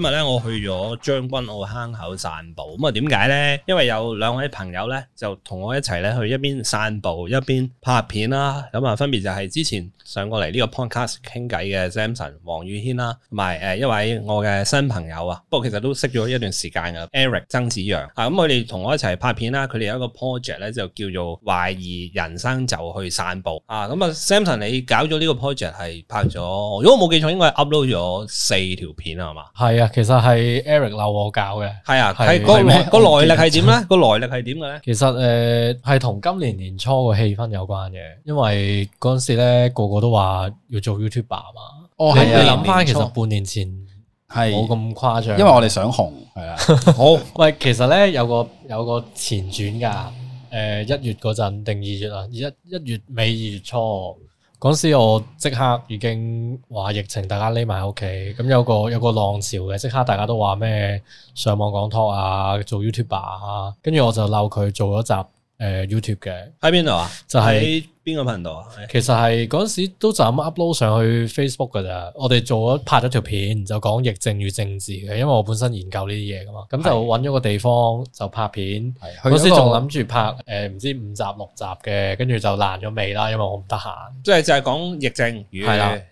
今日咧我去咗將軍澳坑口散步，咁啊點解咧？因為有兩位朋友咧就同我一齊咧去一邊散步一邊拍片啦。咁啊，分別就係之前上過嚟呢個 podcast 傾偈嘅 Samson 黃宇軒啦，同埋誒一位我嘅新朋友啊，不過其實都識咗一段時間嘅 Eric 曾梓洋啊。咁佢哋同我一齊拍片啦。佢哋有一個 project 咧就叫做懷疑人生就去散步啊。咁啊，Samson 你搞咗呢個 project 係拍咗，如果我冇記錯，應該係 upload 咗四條片啊，係嘛？係啊。其實係 Eric 鬧我教嘅，係啊，佢個、那個來歷係點咧？個來歷係點嘅咧？其實誒，係、呃、同今年年初個氣氛有關嘅，因為嗰陣時咧個個都話要做 YouTuber 嘛。哦，你諗翻其實半年前係冇咁誇張，因為我哋想紅，係啊。的好，喂， 其實咧有個有個前傳噶，誒、呃，一月嗰陣定二月啊，一一月尾二月初。嗰時我即刻已經話疫情，大家匿埋喺屋企，咁有個有個浪潮嘅，即刻大家都話咩上網講 talk 啊，做 YouTube 啊，跟住我就鬧佢做咗集 YouTube 嘅，喺邊啊？就係、是。邊個頻道啊？其實係嗰陣時都就咁 upload 上去 Facebook 噶咋。我哋做咗拍咗條片，就講疫症與政治嘅，因為我本身研究呢啲嘢噶嘛。咁就揾咗個地方就拍片。嗰的時仲諗住拍誒，唔、呃、知五集六集嘅，跟住就爛咗尾啦，因為我唔得閒。即係就係講疫症與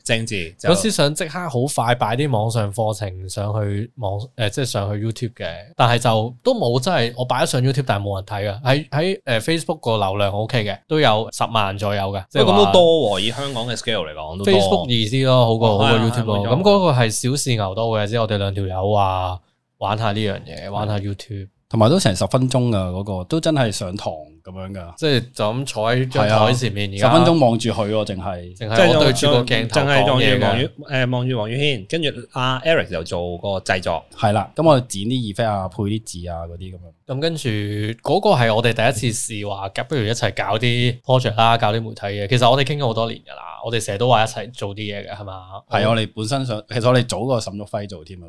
政治。嗰的就時想即刻好快擺啲網上課程上去網誒，即、呃、係、就是、上去 YouTube 嘅，但係就都冇真係我擺咗上 YouTube，但係冇人睇噶。喺喺誒 Facebook 個流量 OK 嘅，都有十萬咗。所有嘅，即係咁都多喎，以香港嘅 scale 嚟講都 Facebook 易啲咯、啊，好過、啊、好過 YouTube、啊。咁、啊啊、個係小試牛刀嘅，即係、嗯、我哋兩條友啊玩下呢樣嘢，嗯、玩下 YouTube，同埋都成十分鐘噶、嗰個都真係上堂。咁樣噶，即係就咁坐喺台前面，啊、在十分鐘望住佢，淨係淨係對住個鏡頭講嘢，誒望住黃宇軒，跟住阿 Eric 又做個製作，係啦，咁我剪啲 effect 啊，配啲字啊嗰啲咁樣。咁、嗯、跟住嗰、那個係我哋第一次試話，不如一齊搞啲 project 啦，搞啲媒體嘅。其實我哋傾咗好多年噶啦，我哋成日都話一齊做啲嘢嘅，係嘛？係、嗯啊、我哋本身想，其實我哋早過沈旭輝做添啊，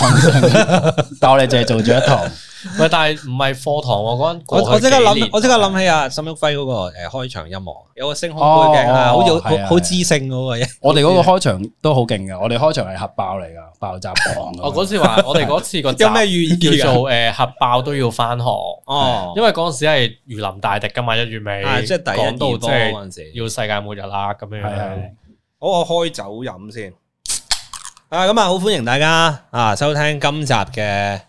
網上 但我哋淨係做咗一 堂。喂、那個，但係唔係課堂喎，嗰陣我即刻諗，我諗起啊，沈旭暉嗰個誒開場音樂，有個星空背景啊，好似好好知性嗰個嘢。我哋嗰個開場都好勁嘅，我哋開場係核爆嚟噶，爆炸房。我嗰次話，我哋嗰次個有咩寓意叫做誒核爆都要翻學哦？因為嗰陣時係如臨大敵噶嘛，一月尾啊，即係第一年即係要世界末日啦咁樣。好，我開酒飲先。啊，咁啊，好歡迎大家啊收聽今集嘅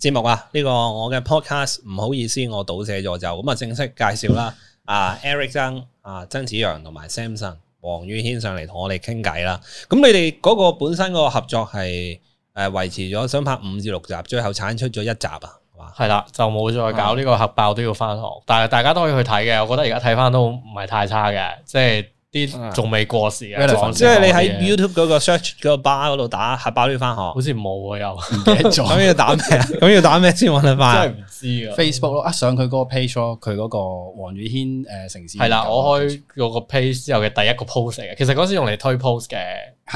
節目啊！呢、這個我嘅 podcast 唔好意思，我倒瀉咗就咁啊，正式介紹啦！啊，Eric 曾啊，曾梓洋同埋 Samson 黃宇軒上嚟同我哋傾偈啦。咁、啊、你哋嗰個本身嗰個合作係誒、啊、維持咗想拍五至六集，最後產出咗一集啊，係嘛？係啦，就冇再搞呢個核爆都要返學，啊、但係大家都可以去睇嘅。我覺得而家睇返都唔係太差嘅，即係。啲仲未過時啊！即係你喺 YouTube 嗰個 search 嗰個 bar 嗰度打下，包你翻學。好似冇喎，又唔記得咗，咁要打咩？咁要打咩先揾得翻？真係唔知啊！Facebook 咯，一上佢嗰個 page 佢嗰個黃宇軒誒、呃、城市。係啦，我開咗個 page 之後嘅第一個 post 嚟嘅，其實嗰時用嚟推 post 嘅，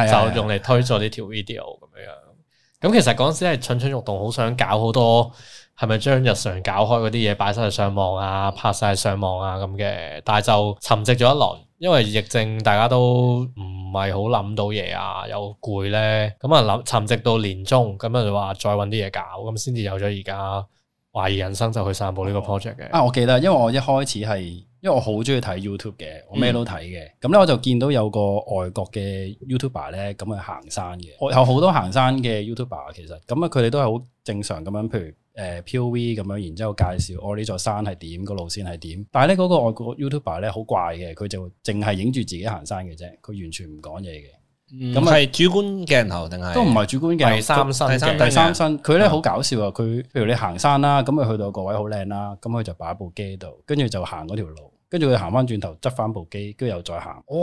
的就用嚟推咗呢條 video 咁樣樣。咁的的其實嗰陣時係蠢蠢欲動，好想搞好多。係咪將日常搞開嗰啲嘢擺曬上網啊，拍晒上網啊咁嘅？但係就沉寂咗一輪，因為疫症大家都唔係好諗到嘢啊，又攰咧，咁啊諗沉寂到年中，咁啊就話再揾啲嘢搞，咁先至有咗而家。懷疑人生就去散步呢個 project 嘅，哦、啊！我記得，因為我一開始係，因為我好中意睇 YouTube 嘅，我咩都睇嘅。咁咧、嗯、我就見到有個外國嘅 YouTuber 咧，咁去行山嘅。有好多行山嘅 YouTuber 其實，咁啊佢哋都係好正常咁樣，譬如，誒、呃、POV 咁樣，然之後介紹我呢座山係點，個路線係點。但係咧嗰個外國 YouTuber 咧好怪嘅，佢就淨係影住自己行山嘅啫，佢完全唔講嘢嘅。咁係、嗯、主觀鏡頭定係都唔係主觀鏡頭，第三身嘅第都三身，佢咧好搞笑啊！佢的譬如你行山啦，咁佢去到個位好靚啦，咁佢就擺部機度，跟住就行嗰條路，跟住佢行翻轉頭執翻部機，跟住又再行。哦！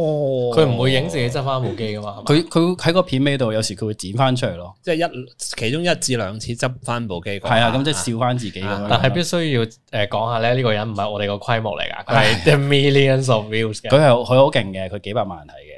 佢唔會影自己執翻部機噶嘛？佢佢喺個片尾度有時佢會剪翻出嚟咯，即係一其中一至兩次執翻部機。係啊，咁即係笑翻自己咁樣。但係必須要誒講下咧，呢、這個人唔係我哋個規模嚟噶，係 the millions of views、哎呀。佢係佢好勁嘅，佢幾百萬人睇嘅。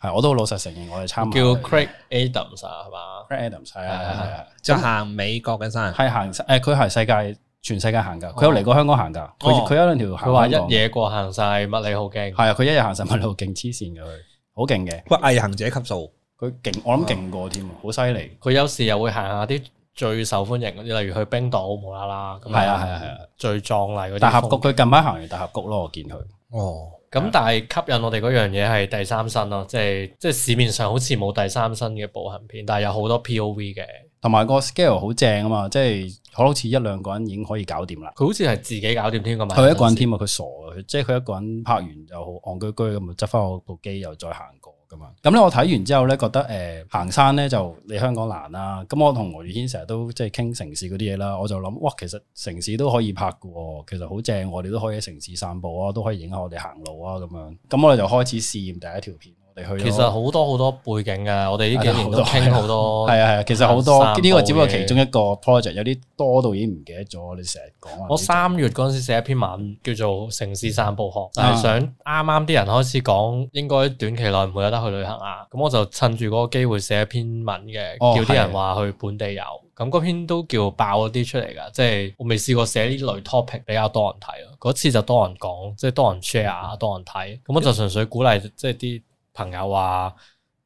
係，我都老實承認，我哋參加叫 Craig Adams 啊，係嘛？Craig Adams 係啊，係即係行美國嘅山。係行誒，佢係世界全世界行噶，佢有嚟過香港行噶。佢佢有兩條，佢話一夜過行晒，物理好驚。係啊，佢一日行晒，物理好勁黐線嘅佢，好勁嘅。佢毅行者級數，佢勁，我諗勁過添，好犀利。佢有時又會行下啲最受歡迎，例如去冰島冇啦啦咁。係啊係啊係啊！最壯麗嗰啲。大峽谷，佢近排行完大峽谷咯，我見佢。哦。咁但係吸引我哋嗰樣嘢係第三身咯，即係即係市面上好似冇第三身嘅步行片，但係有好多 P O V 嘅，同埋個 scale 好正啊嘛，即係可能好似一兩個人已經可以搞掂啦。佢好似係自己搞掂添噶嘛，佢、嗯、一個人添啊，佢傻啊，即係佢一個人拍完就好戇居居咁執翻我部機又再行過。咁咧我睇完之後咧，覺得誒、呃、行山咧就你香港難啦、啊。咁我同黃宇軒成日都即係傾城市嗰啲嘢啦，我就諗哇，其實城市都可以拍嘅喎，其實好正，我哋都可以喺城市散步啊，都可以影響我哋行路啊咁樣。咁我哋就開始試驗第一條片。其實好多好多背景噶、啊，我哋呢幾年都傾好多， 多。係啊係啊，其實好多呢個只不過其中一個 project，有啲多到已經唔記得咗。你成日講我月、嗯、三月嗰陣時寫一篇文，叫做《城市散步學》，就係想啱啱啲人開始講，應該短期內唔會有得去旅行啊。咁我就趁住嗰個機會寫一篇文嘅，叫啲人話去本地遊。咁嗰、哦、篇都叫爆嗰啲出嚟噶，即、就、係、是、我未試過寫呢類 topic 比較多人睇咯。嗰次就多人講，即、就、係、是、多人 share，多人睇。咁我就純粹鼓勵即係啲。就是朋友話，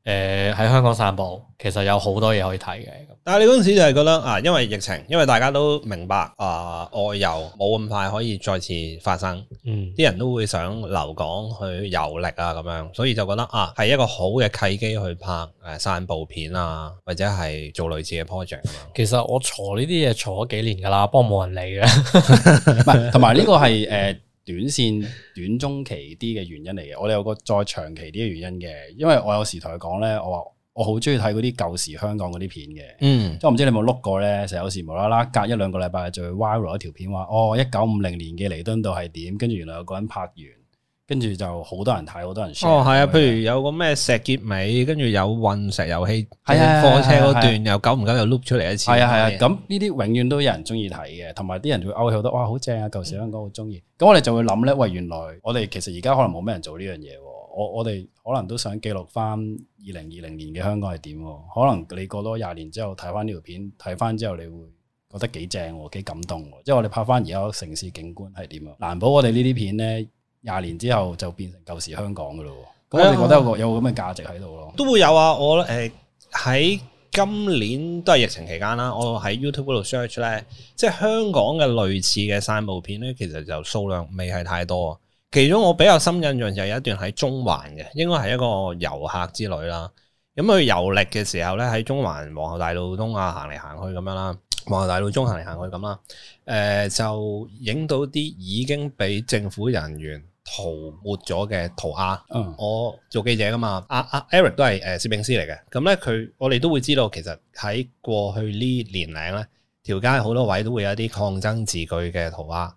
誒、呃，喺香港散步，其實有好多嘢可以睇嘅。但係你嗰陣時就係覺得啊，因為疫情，因為大家都明白啊，外遊冇咁快可以再次發生，嗯，啲人都會想留港去遊歷啊，咁樣，所以就覺得啊，係一個好嘅契機去拍誒散步片啊，或者係做類似嘅 project。其實我坐呢啲嘢坐咗幾年噶啦，不過冇人理嘅。同埋呢個係誒。呃短線、短中期啲嘅原因嚟嘅，我哋有個再長期啲嘅原因嘅。因為我有時同佢講咧，我話我好鍾意睇嗰啲舊時香港嗰啲片嘅，嗯，即我唔知道你有冇碌過咧，成有時無啦啦隔一兩個禮拜就會 viral 一條片話，哦，一九五零年嘅彌敦道係點，跟住原來有個人拍完。跟住就好多人睇，好多人哦，係啊！以譬如有個咩石硖尾，跟住有運石油氣，即係貨車嗰段、啊啊、又久唔久又碌出嚟一次，係啊係啊！咁呢啲永遠都有人中意睇嘅，同埋啲人會勾起好多哇，好正啊！舊時香港好中意，咁我哋就會諗咧，喂，原來我哋其實而家可能冇咩人做呢樣嘢，我我哋可能都想記錄翻二零二零年嘅香港係點，可能你過多廿年之後睇翻呢條片，睇翻之後你會覺得幾正，幾感動，即係我哋拍翻而家個城市景觀係點啊！難保我哋呢啲片咧，廿年之後就變成舊時香港嘅咯，咁的我哋覺得有個咁嘅價值喺度咯，都會有啊！我誒喺、呃、今年都係疫情期間啦，我喺 YouTube 嗰度 search 咧，即係香港嘅類似嘅散步片咧，其實就數量未係太多。其中我比較深印象就有一段喺中環嘅，應該係一個遊客之旅啦。咁去遊歷嘅時候咧，喺中環皇后大道東啊行嚟行去咁樣啦，皇后大道中行嚟行去咁啦，誒、呃、就影到啲已經俾政府人員。塗抹咗嘅塗鴉，圖嗯、我做記者噶嘛，阿、啊、阿、啊、Eric 都係誒、呃、攝影師嚟嘅，咁咧佢我哋都會知道，其實喺過去年呢年幾咧，條街好多位都會有啲抗爭字句嘅塗鴉，咁、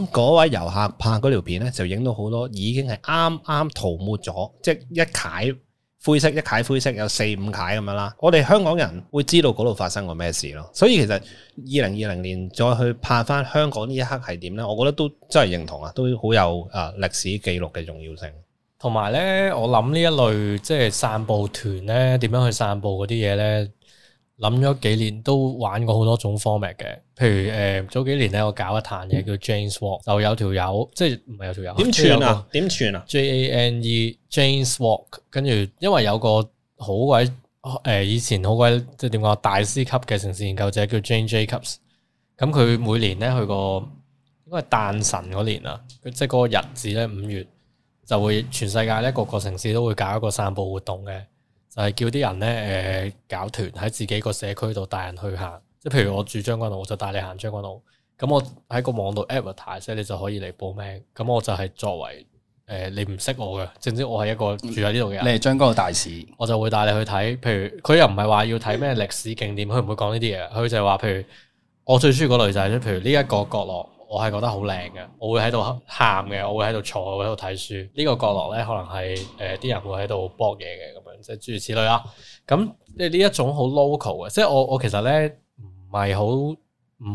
嗯、嗰、嗯、位遊客拍嗰條片咧，就影到好多已經係啱啱塗抹咗，嗯、即係一攋。灰色一楷，灰色有四五楷咁樣啦，我哋香港人會知道嗰度發生過咩事咯。所以其實二零二零年再去拍翻香港呢一刻係點呢？我覺得都真係認同啊，都好有啊歷史記錄嘅重要性。同埋呢，我諗呢一類即係散步團呢，點樣去散步嗰啲嘢呢？諗咗幾年都玩過好多種 format 嘅，譬如誒早、呃、幾年咧我搞一壇嘢叫 Jane’s Walk，就有條友即係唔係有條友點串啊？點串啊？J A N E Jane’s Walk，跟住因為有個好鬼誒以前好鬼即係點講大師級嘅城市研究者叫 Jane Jacobs，咁佢每年咧去個應該係誕辰嗰年啊，即係嗰個日子咧五月就會全世界咧各個城市都會搞一個散步活動嘅。.就係叫啲人咧，誒、呃，搞團喺自己個社區度帶人去行，即係譬如我住將軍澳，我就帶你行將軍澳。咁我喺個網度 advertise，你就可以嚟報名。咁我就係作為，誒、呃，你唔識我嘅，正知我係一個住喺呢度嘅。人，嗯、你係將軍澳大使，我就會帶你去睇。譬如佢又唔係話要睇咩歷史景點，佢唔會講呢啲嘢。佢就係話，譬如我最中意嗰類就係譬如呢一個角落，我係覺得好靚嘅，我會喺度喊嘅，我會喺度坐喺度睇書。呢、這個角落咧，可能係誒，啲、呃、人會喺度搏嘢嘅。即係諸如此類啦，咁即係呢一種好 local 嘅，即係我我其實咧唔係好唔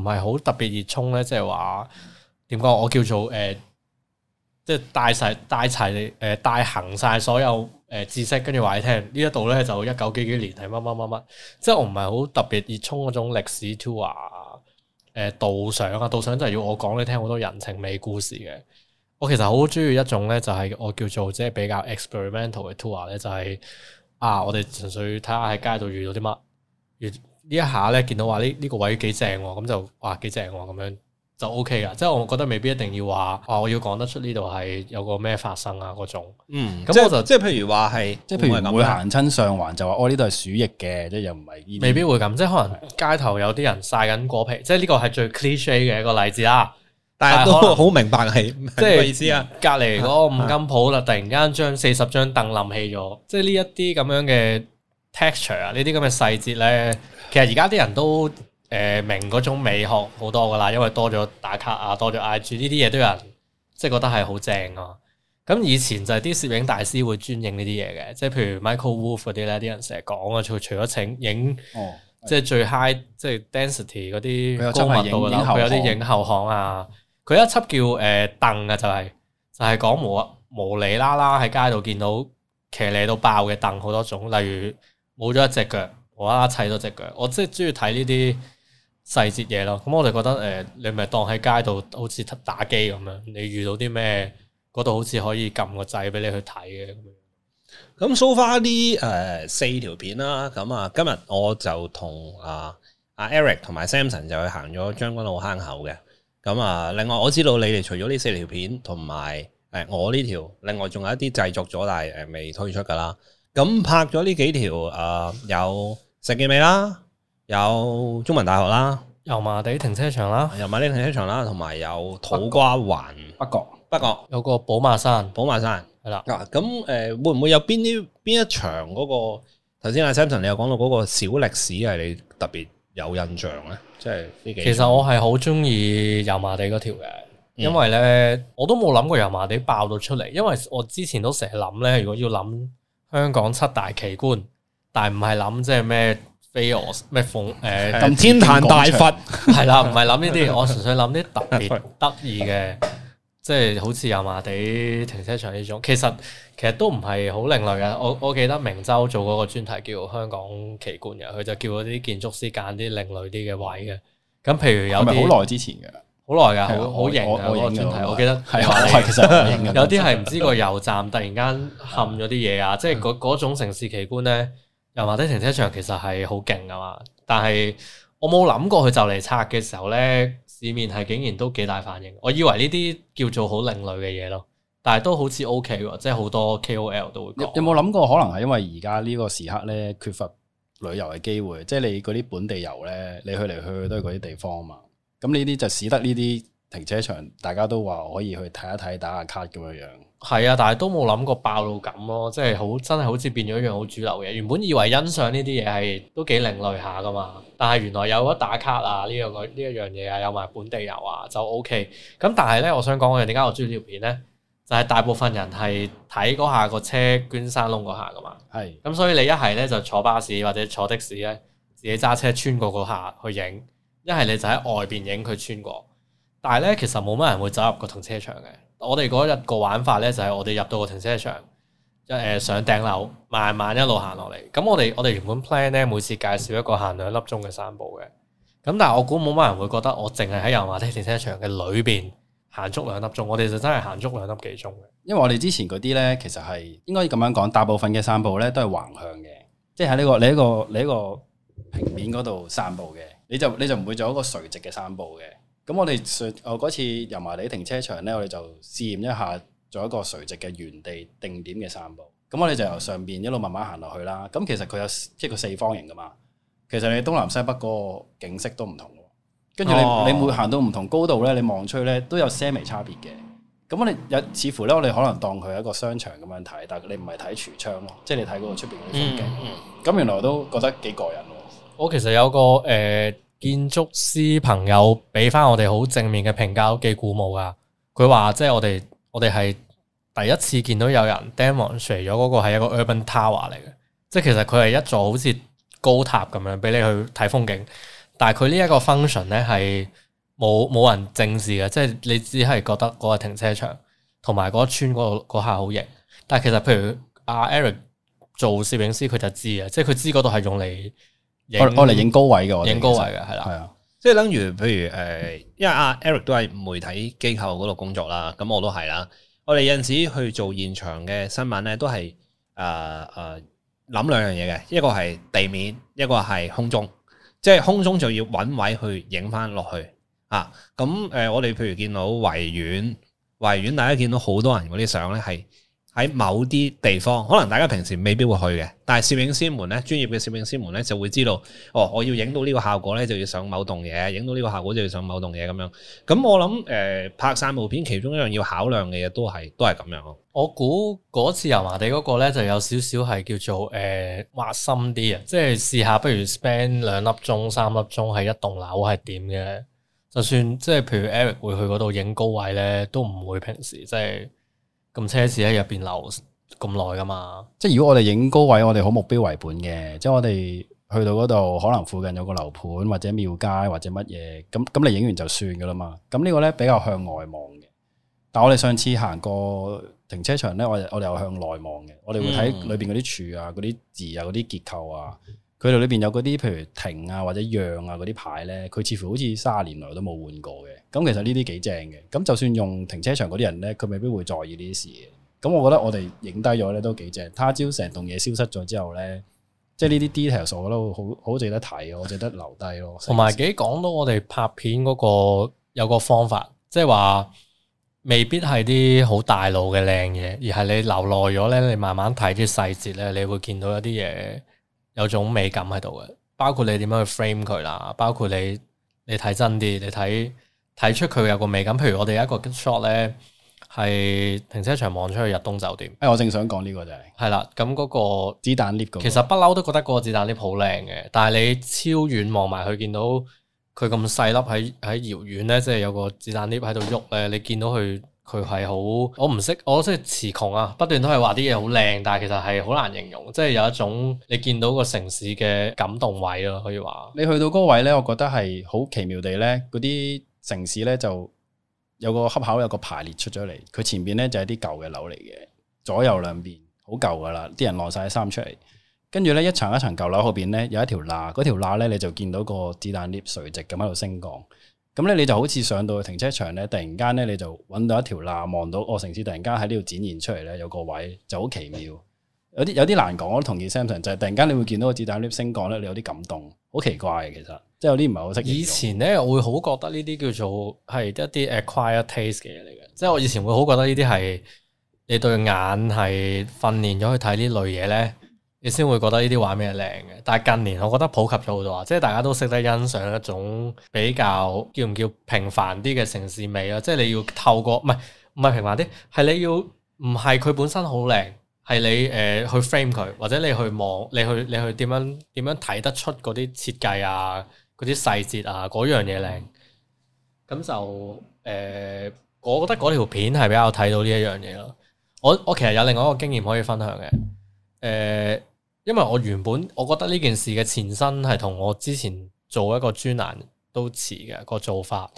係好特別熱衷咧，即係話點講？我叫做誒、呃，即係帶晒帶齊你誒帶、呃、帶行晒所有誒知識，跟住話你聽呢一度咧就一九幾幾年係乜乜乜乜，即係我唔係好特別熱衷嗰種歷史 tour 啊、呃，誒導賞啊，導賞真係要我講你聽好多人情味故事嘅。我其實好中意一種咧，就係我叫做即係比較 experimental 嘅 tour 咧，就係、是。啊！我哋純粹睇下喺街度遇到啲乜，遇呢一下咧見到話呢呢個位幾正，咁就哇，幾正，咁樣就 O K 噶。即係我覺得未必一定要話，啊、哦、我要講得出呢度係有個咩發生啊嗰種。嗯，咁我就即係譬如話係，即係譬如會行親上環就話，哦，呢度係鼠疫嘅，即係又唔係。未必會咁，的即係可能街頭有啲人曬緊果皮， 即係呢個係最 cliche 嘅一個例子啦。大家都好明白係，即係意思啊！隔離嗰個五金鋪啦， 突然間將四十張凳冧起咗，即係呢一啲咁樣嘅 texture 啊，呢啲咁嘅細節咧，其實而家啲人都誒、呃、明嗰種美學好多噶啦，因為多咗打卡啊，多咗 IG 呢啲嘢，都有人即係覺得係好正啊。咁以前就係啲攝影大師會專影呢啲嘢嘅，即係譬如 Michael Wolf 嗰啲咧，啲人成日講啊，除除咗請影，哦、即係最 high，即係 density 嗰啲高密度，佢有啲影，影後巷啊。佢一輯叫誒凳啊，就係、是、就係講無無厘啦啦喺街度見到騎呢到爆嘅凳，好多種，例如冇咗一隻腳，無啦啦砌多隻腳，我即係中意睇呢啲細節嘢咯。咁我就覺得誒、呃，你咪當喺街度好似打機咁樣，你遇到啲咩嗰度好似可以撳個掣俾你去睇嘅。咁、嗯，咁 so far 啲誒四條片啦。咁啊，uh, 今日我就同啊阿 Eric 同埋 Samson 就去行咗將軍澳坑口嘅。咁啊！另外我知道你哋除咗呢四條片，同埋誒我呢條，另外仲有一啲製作咗，但係誒未推出㗎啦。咁拍咗呢幾條啊、呃，有石硤尾啦，有中文大學啦，油麻地停車場啦，油麻地停車場啦，同埋有，有土瓜灣，北角、北角、北角有個寶馬山，寶馬山係啦。咁誒了、啊、會唔會有邊啲邊一場嗰、嗰個頭先阿 Samson 你有講到嗰個小歷史係你特別有印象咧，即係呢幾。其實我係好中意油麻地嗰條嘅，因為咧我都冇諗過油麻地爆到出嚟，因為我之前都成日諗咧，如果要諗香港七大奇觀，但係唔係諗即係咩飛蛾咩鳳誒咁天壇大佛係啦，唔係諗呢啲，我純粹諗啲特別得意嘅。即係好似油麻地停車場呢種，其實其實都唔係好另類嘅。我我記得明州做嗰個專題叫做香港奇觀嘅，佢就叫嗰啲建築師揀啲另類啲嘅位嘅。咁譬如有啲好耐之前嘅，好耐㗎，好型嘅嗰個專題我，我記得係 其實 有啲係唔知個油站突然間冚咗啲嘢啊，即係嗰種城市奇觀咧。油麻地停車場其實係好勁㗎嘛，但係我冇諗過佢就嚟拆嘅時候咧。市面係竟然都幾大反應，我以為呢啲叫做好另類嘅嘢咯，但係都好似 OK 喎，即係好多 KOL 都會講。有冇諗過可能係因為而家呢個時刻咧，缺乏旅遊嘅機會，即係你嗰啲本地遊咧，你去嚟去去都係嗰啲地方啊嘛，咁呢啲就使得呢啲停車場大家都話可以去睇一睇打下卡 a 咁樣樣。係啊，但係都冇諗過暴露感咯，即係好真係好似變咗一樣好主流嘅。原本以為欣賞呢啲嘢係都幾另類下噶嘛，但係原來有得打卡啊呢樣呢一樣嘢啊，有埋本地遊啊就 O K。咁但係咧，我想講嘅點解我中意呢條片咧，就係、是、大部分人係睇嗰下個車捐山窿嗰下噶嘛。係咁是，所以你一係咧就坐巴士或者坐的士咧，自己揸車穿過嗰下去影；一係你就喺外邊影佢穿過。但係咧，其實冇乜人會走入個停車場嘅。我哋嗰日個玩法咧就係我哋入到個停車場，一誒上頂樓，慢慢一路行落嚟。咁我哋我哋原本 plan 咧，每次介紹一個行兩粒鐘嘅散步嘅。咁但係我估冇乜人會覺得我淨係喺油麻地停車場嘅裏邊行足兩粒鐘。我哋就真係行足兩粒幾鐘嘅，因為我哋之前嗰啲咧其實係應該咁樣講，大部分嘅散步咧都係橫向嘅，即係喺呢個你一個你一個平面嗰度散步嘅，你就你就唔會做一個垂直嘅散步嘅。咁我哋上嗰次油麻地停車場呢，我哋就試驗一下做一個垂直嘅原地定點嘅散步。咁我哋就由上邊一路慢慢行落去啦。咁其實佢有即係個四方形噶嘛。其實你東南西北個景色都唔同。跟住你你每行到唔同高度呢，你望出去呢都有些微差別嘅。咁我哋有似乎呢，我哋可能當佢係一個商場咁樣睇，但係你唔係睇櫥窗咯，即係你睇嗰個出邊嘅風景。咁，嗯，嗯，原來我都覺得幾過癮喎。我其實有個誒。呃建築師朋友俾翻我哋好正面嘅評價，都幾鼓舞噶。佢話：即係我哋，我哋係第一次見到有人 demolish 咗嗰個係一個 urban tower 嚟嘅。即係其實佢係一座好似高塔咁樣，俾你去睇風景。但係佢呢一個 function 咧係冇冇人正視嘅，即係你只係覺得嗰個停車場同埋嗰個村嗰度嗰下好型。但係其實，譬如阿 Eric 做攝影師，佢就知啊，即係佢知嗰度係用嚟。我嚟影高位嘅，影高位嘅係啦，係啊的，的即係等於譬如誒、呃，因為阿 Eric 都係媒體機構嗰度工作啦，咁我都係啦。我哋有陣時去做現場嘅新聞咧，都係誒誒諗兩樣嘢嘅，一個係地面，一個係空中，即係空中就要揾位去影翻落去啊。咁誒，我哋譬如見到維園，維園大家見到好多人嗰啲相咧係。喺某啲地方，可能大家平時未必會去嘅，但係攝影師們咧，專業嘅攝影師們咧就會知道，哦，我要影到呢個效果咧，就要上某棟嘢，影到呢個效果就要上某棟嘢咁樣。咁我諗誒、呃、拍散步片，其中一樣要考量嘅嘢都係都係咁樣咯。我估嗰次油麻地嗰個咧，就有少少係叫做誒挖、呃、心啲啊，即係試下，不如 spend 兩粒鐘、三粒鐘喺一棟樓係點嘅。就算即係譬如 Eric 會去嗰度影高位咧，都唔會平時即係。咁奢侈喺入邊留咁耐噶嘛？即係如果我哋影高位，我哋好目標為本嘅，即係我哋去到嗰度，可能附近有個樓盤或者廟街或者乜嘢，咁咁你影完就算噶啦嘛。咁呢個咧比較向外望嘅，但我哋上次行過停車場咧，我哋我哋又向內望嘅。我哋會睇裏邊嗰啲柱啊、嗰啲字啊、嗰啲結構啊，佢哋裏邊有嗰啲譬如停啊或者讓啊嗰啲牌咧，佢似乎好似三十年來都冇換過嘅。咁其實呢啲幾正嘅，咁就算用停車場嗰啲人咧，佢未必會在意呢啲事嘅。咁我覺得我哋影低咗咧都幾正。他朝成棟嘢消失咗之後咧，嗯、即係呢啲 detail，我覺得好好值得睇， 我值得留低咯。同埋幾講到我哋拍片嗰、嗰個有個方法，即係話未必係啲好大路嘅靚嘢，而係你留耐咗咧，你慢慢睇啲細節咧，你會見到一啲嘢有種美感喺度嘅。包括你點樣去 frame 佢啦，包括你你睇真啲，你睇。你睇出佢有個美感咁，譬如我哋有一個 good shot 咧，係停車場望出去日東酒店。誒、哎，我正想講呢個就係、是，係啦。咁嗰、那個子彈 lift，那個、其實不嬲都覺得個子彈 lift 好靚嘅。但係你超遠望埋去，見到佢咁細粒喺喺遙遠咧，即係、就是、有個子彈 lift 喺度喐咧，你見到佢佢係好，我唔識，我即係詞窮啊！不斷都係話啲嘢好靚，但係其實係好難形容，即、就、係、是、有一種你見到個城市嘅感動位咯，可以話。你去到嗰個位咧，我覺得係好奇妙地咧，嗰啲。城市咧就有個恰口，有個排列出咗嚟。佢前邊咧就係啲舊嘅樓嚟嘅，左右兩邊好舊噶啦，啲人晾晒啲衫出嚟。跟住咧一層一層舊樓後邊咧有一條罅，嗰條罅咧你就見到個子彈 lift 垂直咁喺度升降。咁咧你就好似上到去停車場咧，突然間咧你就搵到一條罅，望到哦，城市突然間喺呢度展現出嚟咧，有個位就好奇妙。有啲有啲難講，我都同意 Samson 就係突然間你會見到個子彈 lift 升降咧，你有啲感動，好奇怪嘅其實。即係有啲唔係好識。以前咧，我會好覺得呢啲叫做係一啲 acquired taste 嘅嘢嚟嘅。即係我以前會好覺得呢啲係你對眼係訓練咗去睇呢類嘢咧，你先會覺得呢啲畫咩靚嘅。但係近年我覺得普及咗好多啊！即係大家都識得欣賞一種比較叫唔叫平凡啲嘅城市美咯。即係你要透過唔係唔係，平凡啲，係你要唔係佢本身好靚，係你誒、呃、去 frame 佢，或者你去望你去你去點樣點樣睇得出嗰啲設計啊？嗰啲細節啊，嗰樣嘢靚，咁就誒、呃，我覺得嗰條片係比較睇到呢一樣嘢咯。我我其實有另外一個經驗可以分享嘅，誒、呃，因為我原本我覺得呢件事嘅前身係同我之前做一個專欄都似嘅、嗰個做法，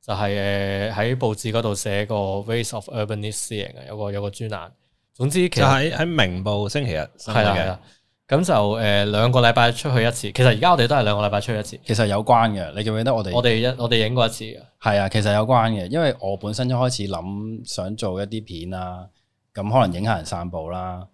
就係誒喺報紙嗰度寫個 race of urbanist s 嘅，有個有個專欄。總之其，其實喺明報星期日，係啦。咁就誒、呃、兩個禮拜出去一次，其實而家我哋都係兩個禮拜出去一次。其實有關嘅，你記唔記得我哋？我哋一我哋影過一次嘅。係啊，其實有關嘅，因為我本身一開始諗想，想做一啲片啦，咁可能影下人散步啦，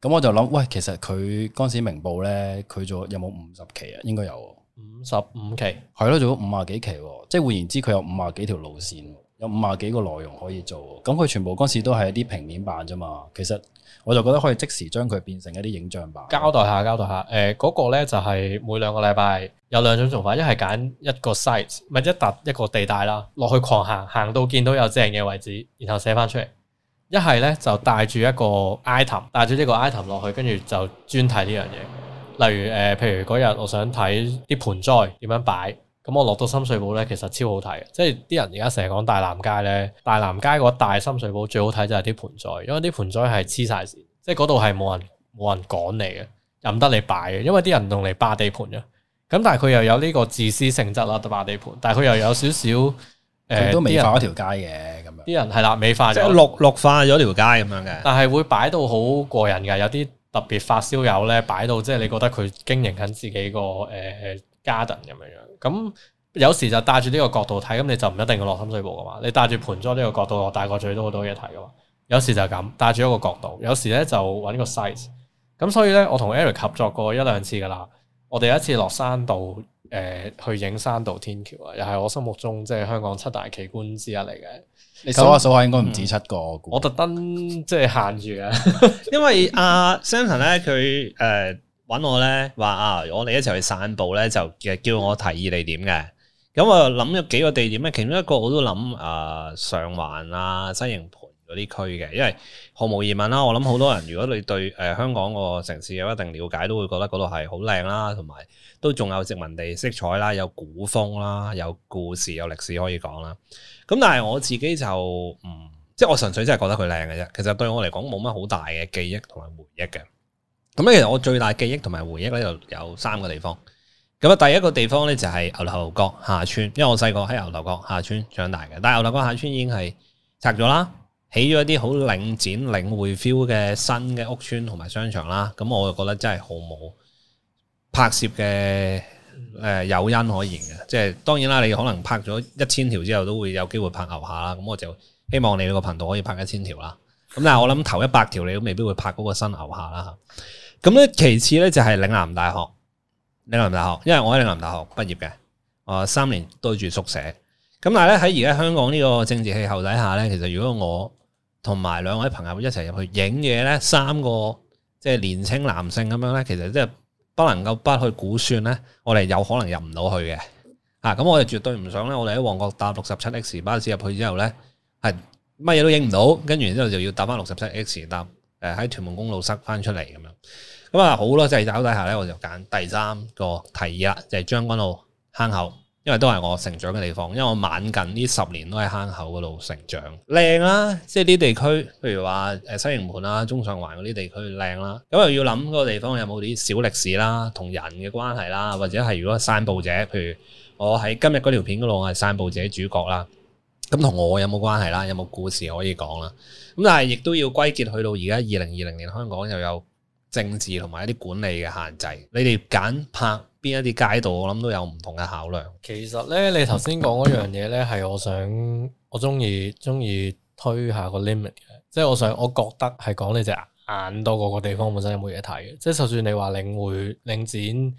咁我就諗，喂，其實佢嗰陣時明報咧，佢做有冇五十期啊？應該有五十五期，係咯，做咗五十幾期，即係換言之，佢有五十幾條路線。有五十幾個內容可以做，咁佢全部嗰陣時都係一啲平面版啫嘛。其實我就覺得可以即時將佢變成一啲影像版，交代下，交代下。誒、呃，嗰、那個咧就係每兩個禮拜有兩種做法，一係揀一個 site，唔係一笪一個地帶啦，落去狂行，行到見到有正嘅位置，然後寫翻出嚟。一係咧就帶住一個 item，帶住呢個 item 落去，跟住就專睇呢樣嘢。例如誒、呃，譬如嗰日我想睇啲盆栽點樣擺。咁我落到深水埗咧，其實超好睇嘅，即係啲人而家成日講大南街咧，大南街嗰帶深水埗最好睇就係啲盆栽，因為啲盆栽係黐晒線，即係嗰度係冇人冇人趕你嘅，任得你擺嘅，因為啲人用嚟霸地盤嘅。咁但係佢又有呢個自私性質啦，都霸地盤，但係佢又有少少誒、呃、都美化一條街嘅咁樣。啲、呃、人係啦，美、嗯、化即係綠綠化咗條街咁樣嘅，但係會擺到好過人嘅，有啲特別發燒友咧擺到即係你覺得佢經營緊自己個誒 garden 咁有時就帶住呢個角度睇，咁你就唔一定要落深水埗嘅嘛。你帶住盤莊呢個角度，大個嘴都好多嘢睇嘅嘛。有時就係咁，帶住一個角度。有時咧就揾個 size。咁所以咧，我同 Eric 合作過一兩次嘅啦。我哋有一次落山道，誒、呃、去影山道天橋啊，又係我心目中即係香港七大奇觀之一嚟嘅。你數下數下，應該唔止七個。我特登即係限住嘅， 因為阿 Samson 咧佢誒。Uh, 揾我咧，話啊，我哋一齊去散步咧，就嘅叫，叫我提議地點嘅。咁啊，諗咗幾個地點咧，其中一個我都諗、呃、啊，上環啦、西營盤嗰啲區嘅，因為毫無疑問啦，我諗好多人，如果你對誒、呃、香港個城市有一定了解，都會覺得嗰度係好靚啦，同埋都仲有殖民地色彩啦、啊，有古風啦、啊，有故事、有歷史可以講啦、啊。咁但係我自己就唔、嗯，即係我純粹真係覺得佢靚嘅啫。其實對我嚟講，冇乜好大嘅記憶同埋回憶嘅。咁咧，其實我最大記憶同埋回憶咧，就有三個地方。咁啊，第一個地方咧就係牛頭角下村，因為我細個喺牛頭角下村長大嘅。但係牛頭角下村已經係拆咗啦，起咗一啲好領展領匯 feel 嘅新嘅屋村同埋商場啦。咁我就覺得真係好冇拍攝嘅誒誘因可言嘅。即係當然啦，你可能拍咗一千條之後，都會有機會拍牛下啦。咁我就希望你個頻道可以拍一千條啦。咁但係我諗頭一百條你都未必會拍嗰個新牛下啦。咁咧，其次咧就係嶺南大學，嶺南大學，因為我喺嶺南大學畢業嘅，我三年都住宿舍。咁但係咧喺而家香港呢個政治氣候底下咧，其實如果我同埋兩位朋友一齊入去影嘢咧，三個即係、就是、年輕男性咁樣咧，其實即係不能夠不去估算咧，我哋有可能入唔到去嘅。啊，咁我哋絕對唔想咧，我哋喺旺角搭六十七 X 巴士入去之後咧，係乜嘢都影唔到，跟住之後就要搭返六十七 X 搭誒喺屯門公路塞返出嚟咁樣。咁啊，好啦，就係手底下咧，我就揀第三個提議啦，就係將軍澳坑口，因為都係我成長嘅地方，因為我晚近呢十年都喺坑口嗰度成長，靚啦、啊，即係啲地區，譬如話誒西營盤啦、中上環嗰啲地區靚啦，咁、啊、又要諗個地方有冇啲小歷史啦，同人嘅關係啦，或者係如果散步者，譬如我喺今日嗰條片嗰度，我係散步者主角啦，咁同我有冇關係啦，有冇故事可以講啦，咁但係亦都要歸結去到而家二零二零年香港又有。政治同埋一啲管理嘅限制，你哋揀拍邊一啲街道，我諗都有唔同嘅考量。其實呢，你頭先講嗰樣嘢呢，係我想我鍾意鍾意推下個 limit 嘅，即係我想我覺得係講你隻眼多過個地方本身有冇嘢睇嘅，即係就算你話領會領展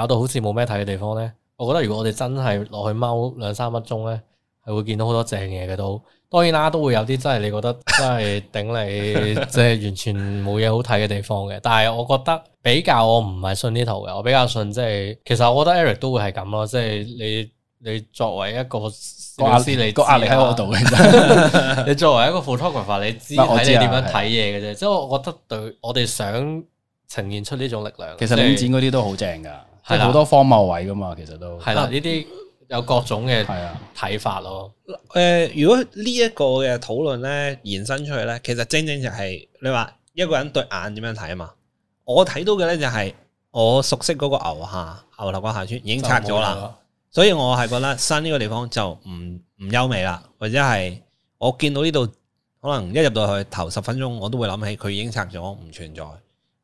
搞到好似冇咩睇嘅地方呢，我覺得如果我哋真係落去踎兩三粒鐘呢，係會見到好多正嘢嘅都。當然啦、啊，都會有啲真係你覺得真係頂你，即係 完全冇嘢好睇嘅地方嘅。但係我覺得比較，我唔係信呢套嘅。我比較信即、就、係、是，其實我覺得 Eric 都會係咁咯。即、就、係、是、你你作為一個律師，你個壓力喺我度嘅。你作為一個 photographer，你知、那個、我 你點 樣睇嘢嘅啫。即係我覺得對我哋想呈現出呢種力量。其實領展嗰啲都好正噶，係好、就是、多荒謬位噶嘛。的其實都係啦呢啲。有各種嘅睇法咯。誒、呃，如果呢一個嘅討論咧延伸出去咧，其實正正就係、是，你話一個人對眼點樣睇啊嘛。我睇到嘅咧就係我熟悉嗰個牛下牛頭角下村已經拆咗啦，所以我係覺得新呢個地方就唔唔優美啦，或者係我見到呢度可能一入到去頭十分鐘，我都會諗起佢已經拆咗，唔存在。誒、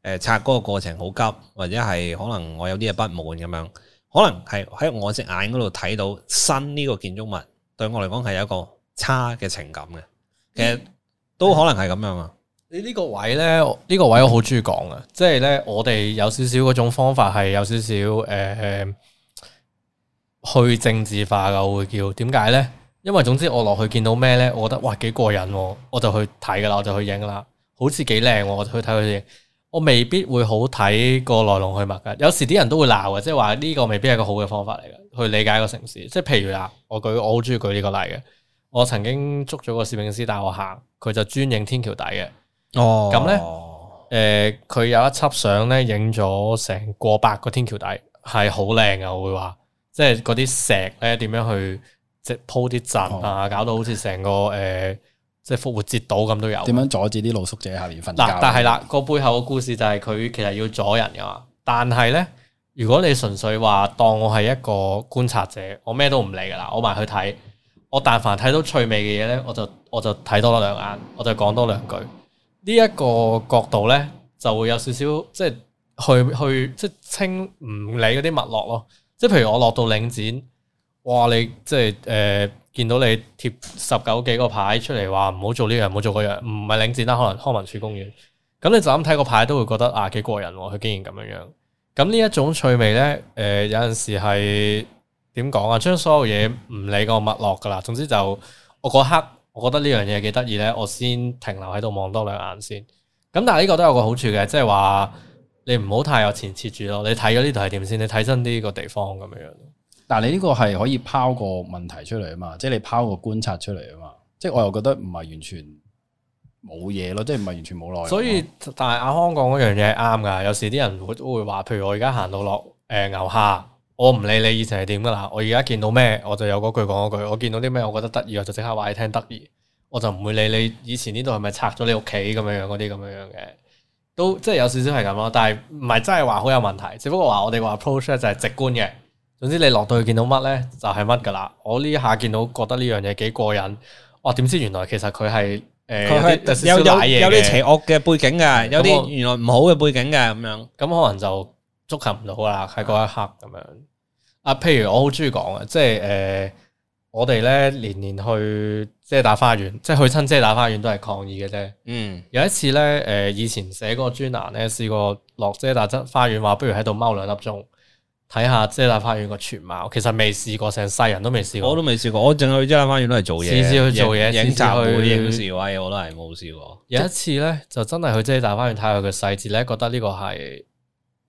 呃，拆嗰個過程好急，或者係可能我有啲嘢不滿咁樣。可能係喺我隻眼嗰度睇到新呢個建築物，對我嚟講係一個差嘅情感嘅。其實都可能係咁樣啊、嗯。你呢個位呢，呢、這個位我好中意講啊，即係呢，我哋有少少嗰種方法係有少少誒、呃，去政治化嘅，我會叫點解呢？因為總之我落去見到咩呢，我覺得哇幾過癮，我就去睇噶啦，我就去影啦，好似幾靚，我就去睇佢哋。我未必會好睇個來龍去脈㗎，有時啲人都會鬧嘅，即係話呢個未必係個好嘅方法嚟嘅去理解個城市。即係譬如啊，我舉我好中意舉呢個例嘅，我曾經捉咗個攝影師帶我行，佢就專影天橋底嘅。哦，咁咧，誒、呃，佢有一輯相咧，影咗成過百個天橋底，係好靚嘅。我會話即係嗰啲石咧點樣去即係鋪啲陣啊，哦、搞到好似成個誒。呃即係復活節到咁都有，點樣阻止啲露宿者喺下面瞓？嗱，但係啦，個背後嘅故事就係佢其實要阻人噶嘛。但係咧，如果你純粹話當我係一個觀察者，我咩都唔理噶啦，我埋去睇。我但凡睇到趣味嘅嘢咧，我就我就睇多兩眼，我就講多兩句。呢、這、一個角度咧，就會有少少即係去去即係清唔理嗰啲脈絡咯。即係譬如我落到領展，哇！你即係誒。呃見到你貼十九幾個牌出嚟、這個，話唔好做呢、這、樣、個，唔好做嗰、這、樣、個，唔係領展啦，可能康文署公園。咁你就咁睇個牌，都會覺得啊，幾過癮喎、啊！佢竟然咁樣樣。咁呢一種趣味咧，誒、呃，有陣時係點講啊？將所有嘢唔理個脈絡噶啦。總之就我嗰刻，我覺得呢樣嘢幾得意咧，我先停留喺度望多兩眼先。咁但係呢個都有個好處嘅，即係話你唔好太有前設住咯。你睇咗呢度係點先？你睇真呢個地方咁樣樣。但係你呢個係可以拋個問題出嚟啊嘛，即係你拋個觀察出嚟啊嘛，即係我又覺得唔係完全冇嘢咯，嗯、即係唔係完全冇內容。所以，但係阿康講嗰樣嘢係啱噶。有時啲人會都會話，譬如我而家行到落誒牛下，我唔理你以前係點噶啦，我而家見到咩，我就有句講句。我見到啲咩，我覺得得意，我就即刻話你聽得意，我就唔會理你以前呢度係咪拆咗你屋企咁樣樣嗰啲咁樣樣嘅，都即係有少少係咁咯。但係唔係真係話好有問題，只不過話我哋話 approach 咧就係直觀嘅。總之你落到去見到乜咧，就係乜噶啦。我呢一下見到覺得呢樣嘢幾過癮，哇！點知原來其實佢係誒有啲邪惡嘅背景嘅，有啲原來唔好嘅背景嘅咁樣。咁、嗯、可能就觸及唔到噶啦，喺嗰一刻咁樣。嗯、啊，譬如我好中意講啊，即係誒、呃，我哋咧年年去遮打花園，即係去親遮打花園都係抗議嘅啫。嗯，有一次咧，誒、呃，以前寫過專欄咧，試過落遮打真花園話，不如喺度踎兩粒鐘。睇下遮打大花園個全貌，其實未試過，成世人都未試過，我都未試過，我淨係去遮打花園都係做嘢，次次去做嘢，影集會、影示威，我都係冇試過。有一次咧，即就真係去遮打大花園睇佢嘅細節咧，覺得呢個係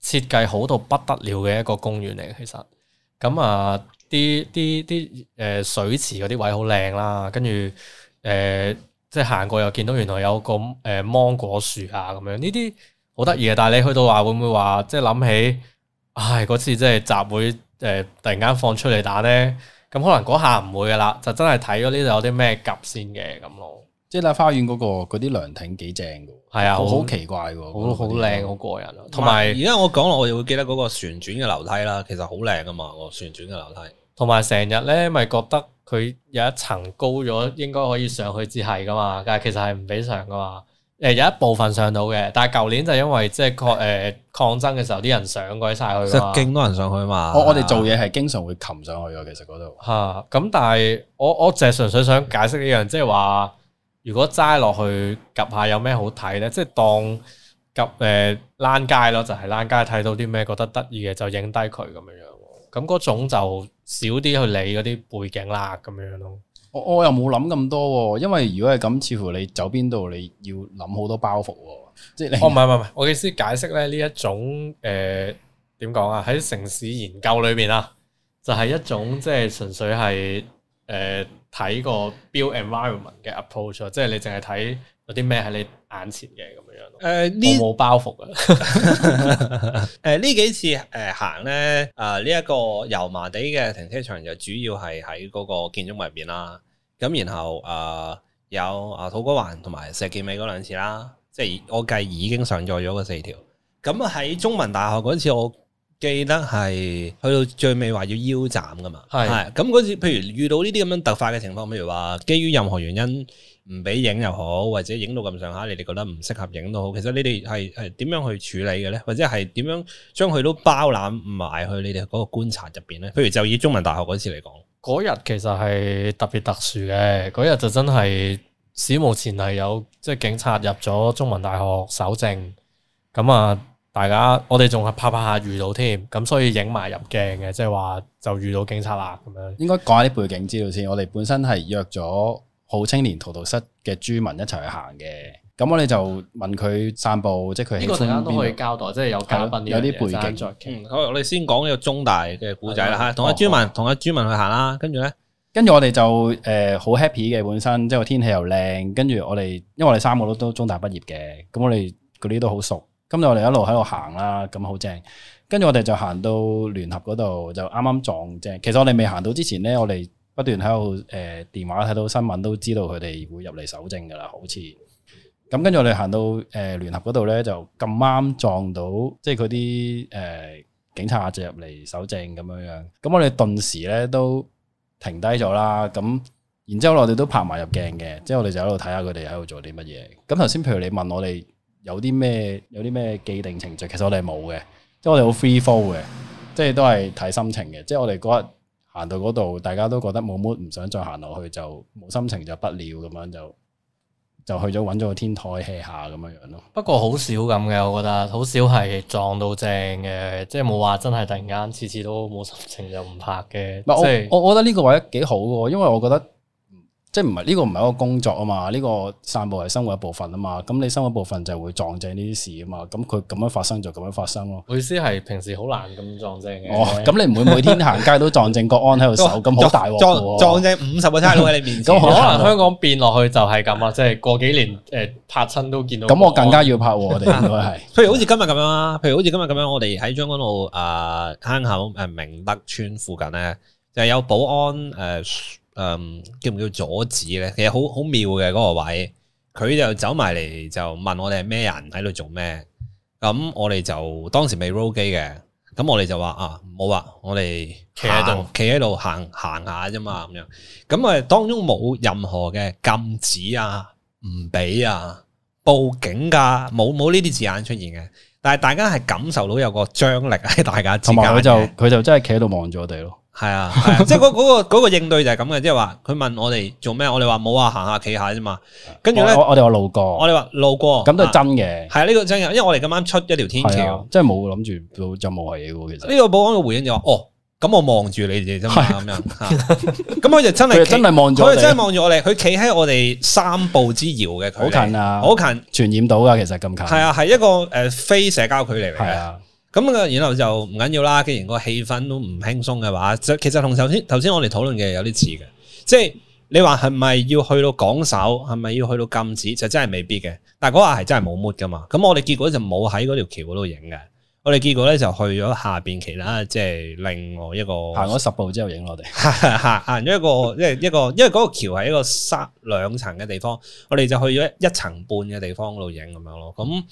設計好到不得了嘅一個公園嚟嘅。其實咁啊，啲啲啲誒水池嗰啲位好靚啦，跟住誒即行過又見到原來有個誒芒果樹啊咁樣，呢啲好得意嘅，但係你去到話會唔會話即諗起？唉，嗰次即係集會誒、呃，突然間放出嚟打咧，咁可能嗰下唔會噶啦，就真係睇咗呢度有啲咩急先嘅咁咯。即係咧花園嗰、嗰個嗰啲涼亭幾正噶，係啊，好，好奇怪噶，好好靚好過癮。同埋而家我講落，我又會記得嗰個旋轉嘅樓梯啦，其實好靚噶嘛，個旋轉嘅樓梯。同埋成日咧，咪覺得佢有一層高咗，應該可以上去至係噶嘛，但係其實係唔俾上噶嘛。誒有一部分上到嘅，但係舊年就因為即係抗誒抗爭嘅時候，啲人上過晒去，去。其實勁多人上去嘛。我我哋做嘢係經常會擒上去㗎，其實嗰度。嚇！咁但係我我淨係純粹想解釋一樣，即係話如果摘落去 𥄫 下有咩好睇咧，即係當 𥄫 誒攤街咯，就係攤街睇到啲咩覺得得意嘅就影低佢咁樣樣。咁嗰種就少啲去理嗰啲背景啦，咁樣咯。哦、我又冇諗咁多，因為如果係咁，似乎你走邊度你要諗好多包袱，即係你。哦，唔係唔係，我嘅意思解釋咧，呢一種誒點講啊？喺、呃、城市研究裏面啊，就係、是、一種即係純粹係誒睇個 build environment 嘅 approach，即係你淨係睇。有啲咩喺你眼前嘅咁樣樣？誒、呃，我冇包袱嘅、 呃。誒，呢幾次誒行咧，誒呢一個油麻地嘅停車場就主要係喺嗰個建築物入邊啦。咁然後誒、呃、有誒土瓜灣同埋石硤尾嗰兩次啦。即係我計已經上載咗嗰四條。咁喺中文大學嗰次，我記得係去到最尾話要腰斬噶嘛。係是的。咁嗰次，譬如遇到呢啲咁樣突發嘅情況，譬如話基於任何原因。唔俾影又好，或者影到咁上下，你哋覺得唔適合影都好。其實你哋係係點樣去處理嘅咧？或者係點樣將佢都包攬埋去你哋嗰個觀察入邊咧？譬如就以中文大學嗰次嚟講，嗰日其實係特別特殊嘅。嗰日就真係史無前例，有即係警察入咗中文大學搜證。咁啊，大家我哋仲係拍拍下遇到添，咁所以影埋入鏡嘅，即係話就遇到警察啦。咁樣應該講下啲背景資料先。我哋本身係約咗。好青年荼毒室嘅豬文一齊去行嘅，咁我哋就問佢散步，即係佢起身。呢個大家都可以交代，即係有嘉賓，有啲背景。嗯，好，我哋先講呢個中大嘅故仔啦吓，同阿豬文，同阿豬文去行啦。呢跟住咧，跟住我哋就誒好 happy 嘅，本身即係個天氣又靚。跟住我哋，因為我哋三個都都中大畢業嘅，咁我哋嗰啲都好熟。咁我哋一路喺度行啦，咁好正。跟住我哋就行到聯合嗰度，就啱啱撞正。其實我哋未行到之前咧，我哋。不斷喺度誒電話睇到新聞都知道佢哋會入嚟搜證㗎啦，好似咁跟住我哋行到誒、呃、聯合嗰度咧，就咁啱撞到即係佢啲誒警察阿姐入嚟搜證咁樣樣，咁我哋頓時咧都停低咗啦。咁然之後我哋都拍埋入鏡嘅，即係我哋就喺度睇下佢哋喺度做啲乜嘢。咁頭先譬如你問我哋有啲咩有啲咩既定程序，其實我哋冇嘅，即係我哋好 free fall 嘅，即係都係睇心情嘅。即係我哋嗰日。行到嗰度，大家都覺得冇 mood，唔想再行落去，就冇心情就不了咁樣就就去咗揾咗個天台 hea 下咁樣樣咯。不過好少咁嘅，我覺得好少係撞到正嘅，即係冇話真係突然間次次都冇心情就唔拍嘅。即係我覺得呢個位幾好嘅，因為我覺得。即係唔係呢個唔係一個工作啊嘛？呢個散步係生活一部分啊嘛？咁你生活部分就會撞正呢啲事啊嘛？咁佢咁樣發生就咁樣發生咯。我意思係平時好難咁撞正嘅。哦，咁你唔會每天行街都撞正國安喺度守，咁好大鑊。撞正五十個差佬喺你面前。可能香港變落去就係咁啊！即係過幾年誒，拍親都見到。咁我更加要拍我哋，應該係。譬如好似今日咁樣啦，譬如好似今日咁樣，我哋喺將軍澳啊坑口誒明德村附近咧，就係有保安誒。嗯，um, 叫唔叫阻止咧？其實好好妙嘅嗰、那個位，佢就走埋嚟，就問我哋係咩人喺度做咩？咁、嗯、我哋就當時未 roll 機嘅，咁、嗯、我哋就話啊，冇啊，我哋企喺度，企喺度行行下啫嘛，咁、嗯、樣，咁、嗯、啊當中冇任何嘅禁止啊，唔俾啊，報警噶、啊，冇冇呢啲字眼出現嘅。但係大家係感受到有個張力喺大家之間，佢就佢就真係企喺度望住我哋咯。係啊，即係嗰嗰個嗰個應對就係咁嘅，即係話佢問我哋做咩，我哋話冇啊，行下企下啫嘛。跟住咧，我哋話路過，我哋話路過，咁都真嘅。係啊，呢個真嘅，因為我哋咁啱出一條天橋，即係冇諗住做任何嘢嘅。其實呢個保安嘅回應就話：哦，咁我望住你哋啫嘛。咁樣，咁佢就真係真係望住，真係望住我哋。佢企喺我哋三步之遙嘅，佢好近啊，好近，傳染到噶。其實咁近係啊，係一個誒非社交距離嚟啊。咁啊，然後就唔緊要啦。既然個氣氛都唔輕鬆嘅話，其實同頭先頭先我哋討論嘅有啲似嘅，即係你話係咪要去到港首，係咪要去到禁止？就真係未必嘅。但係嗰日係真係冇 mood 㗎嘛。咁我哋結果就冇喺嗰條橋嗰度影嘅。我哋結果咧就去咗下邊其他即係另外一個行咗十步之後影我哋 行咗一個即係 一個，因為嗰個橋係一個三兩層嘅地方，我哋就去咗一層半嘅地方度影咁樣咯。咁、嗯、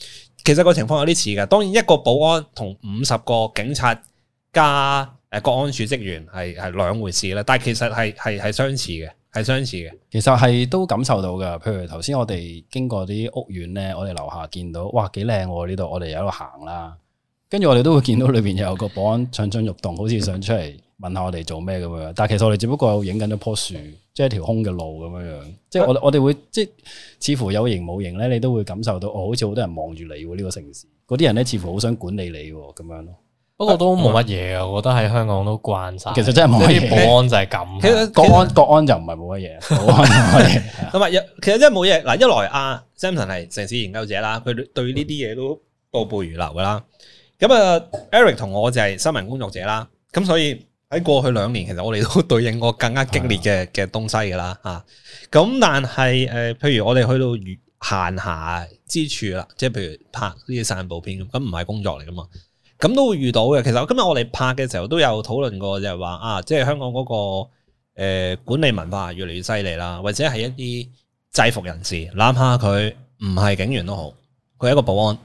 其實個情況有啲似嘅。當然一個保安同五十個警察加誒國安處職員係係兩回事啦，但係其實係係係相似嘅，係相似嘅。其實係都感受到嘅。譬如頭先我哋經過啲屋苑咧，我哋樓下見到哇幾靚喎！呢度我哋又喺度行啦。跟住我哋都會見到裏邊有個保安蠢蠢欲動，好似想出嚟問下我哋做咩咁樣。但係其實我哋只不過影緊一棵樹，就是，即係條空嘅路咁樣樣。即係我我哋會即係似乎有形冇形咧，你都會感受到，哦，好似好多人望住你呢、呢個城市。嗰啲人咧似乎好想管理你咁樣咯。不過都冇乜嘢啊，我覺得喺香港都慣晒。其實真係冇乜嘢，保安就係咁。國安國安就唔係冇乜嘢。國安咁啊，其實真係冇嘢。嗱，一來啊，Samson 係城市研究者啦，佢對呢啲嘢都倒背如流噶啦。咁啊，Eric 同我就係新聞工作者啦，咁所以喺過去兩年，其實我哋都對應過更加激烈嘅嘅東西噶啦，吓、啊。咁、啊、但係誒、呃，譬如我哋去到越閒暇之處啦，即係譬如拍呢啲散步片咁，唔係工作嚟噶嘛，咁都會遇到嘅。其實今日我哋拍嘅時候都有討論過就，就係話啊，即係香港嗰、那個誒、呃、管理文化越嚟越犀利啦，或者係一啲制服人士攬下佢唔係警員都好，佢係一個保安。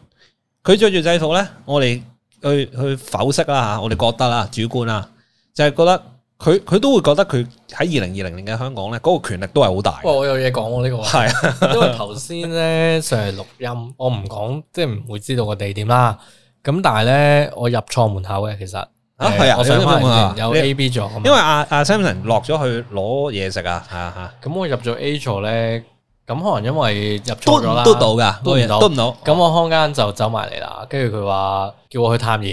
佢着住制服咧，我哋去去剖析啦吓，我哋覺得啦，主觀啦，就係、是、覺得佢佢都會覺得佢喺二零二零年嘅香港咧，嗰、那個權力都係好大。喂，我有嘢講喎，呢個話，係是、啊、因為頭先咧成日錄音，我唔講，即係唔會知道個地點啦。咁但係咧，我入錯門口嘅，其實啊，係啊，我想問啊，有、啊啊啊、A B 座，因為阿阿 Samson 落咗去攞嘢食啊，係啊吓，咁我入咗 A 座咧。咁可能因為入錯咗啦，都到噶，都唔倒到。咁我空間就走埋嚟啦，跟住佢話叫我去探熱，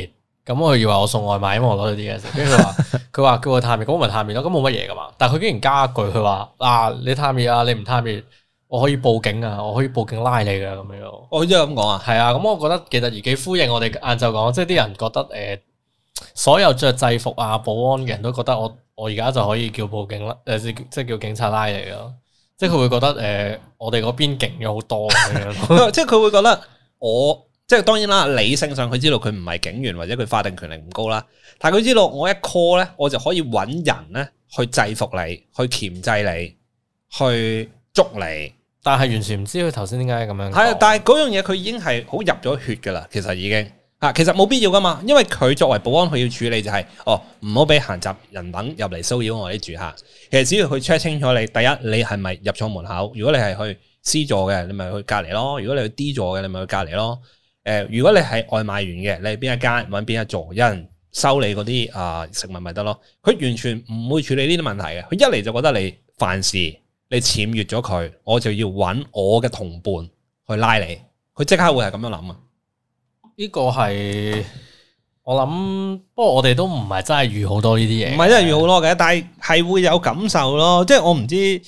咁我以為我送外賣，因為我攞咗啲嘢食。跟住佢話佢話叫我探熱，咁 我咪探熱咯，咁冇乜嘢噶嘛。但係佢竟然加一句，佢話嗱你探熱啊，你唔探熱，我可以報警啊，我可以報警拉你噶咁樣。我即係咁講啊，係啊。咁、嗯、我覺得其實而家呼應我哋晏晝講，即係啲人覺得誒、呃，所有着制服啊保安嘅人都覺得我我而家就可以叫報警啦，誒即即係叫警察拉你咯。即係佢會覺得誒、呃，我哋嗰邊勁咗好多， 即係佢會覺得我即係當然啦。理性上佢知道佢唔係警員或者佢法定權力唔高啦，但係佢知道我一 call 咧，我就可以搵人咧去制服你、去鉗制你、去捉你，但係完全唔知佢頭先點解咁樣、嗯。係啊，但係嗰樣嘢佢已經係好入咗血噶啦，其實已經。啊，其實冇必要㗎嘛，因為佢作為保安，佢要處理就係、是，哦，唔好俾閒雜人等入嚟騷擾我啲住客。其實只要佢 check 清楚你，第一你係咪入錯門口？如果你係去 C 座嘅，你咪去隔離咯；如果你去 D 座嘅，你咪去隔離咯。誒、呃，如果你係外賣員嘅，你係邊一間揾邊一座，有人收你嗰啲啊食物咪得咯。佢完全唔會處理呢啲問題嘅。佢一嚟就覺得你犯事，你僭越咗佢，我就要揾我嘅同伴去拉你。佢即刻會係咁樣諗啊！呢個係我諗，不過我哋都唔係真係遇好多呢啲嘢，唔係真係遇好多嘅，但係係會有感受咯。即係我唔知呢、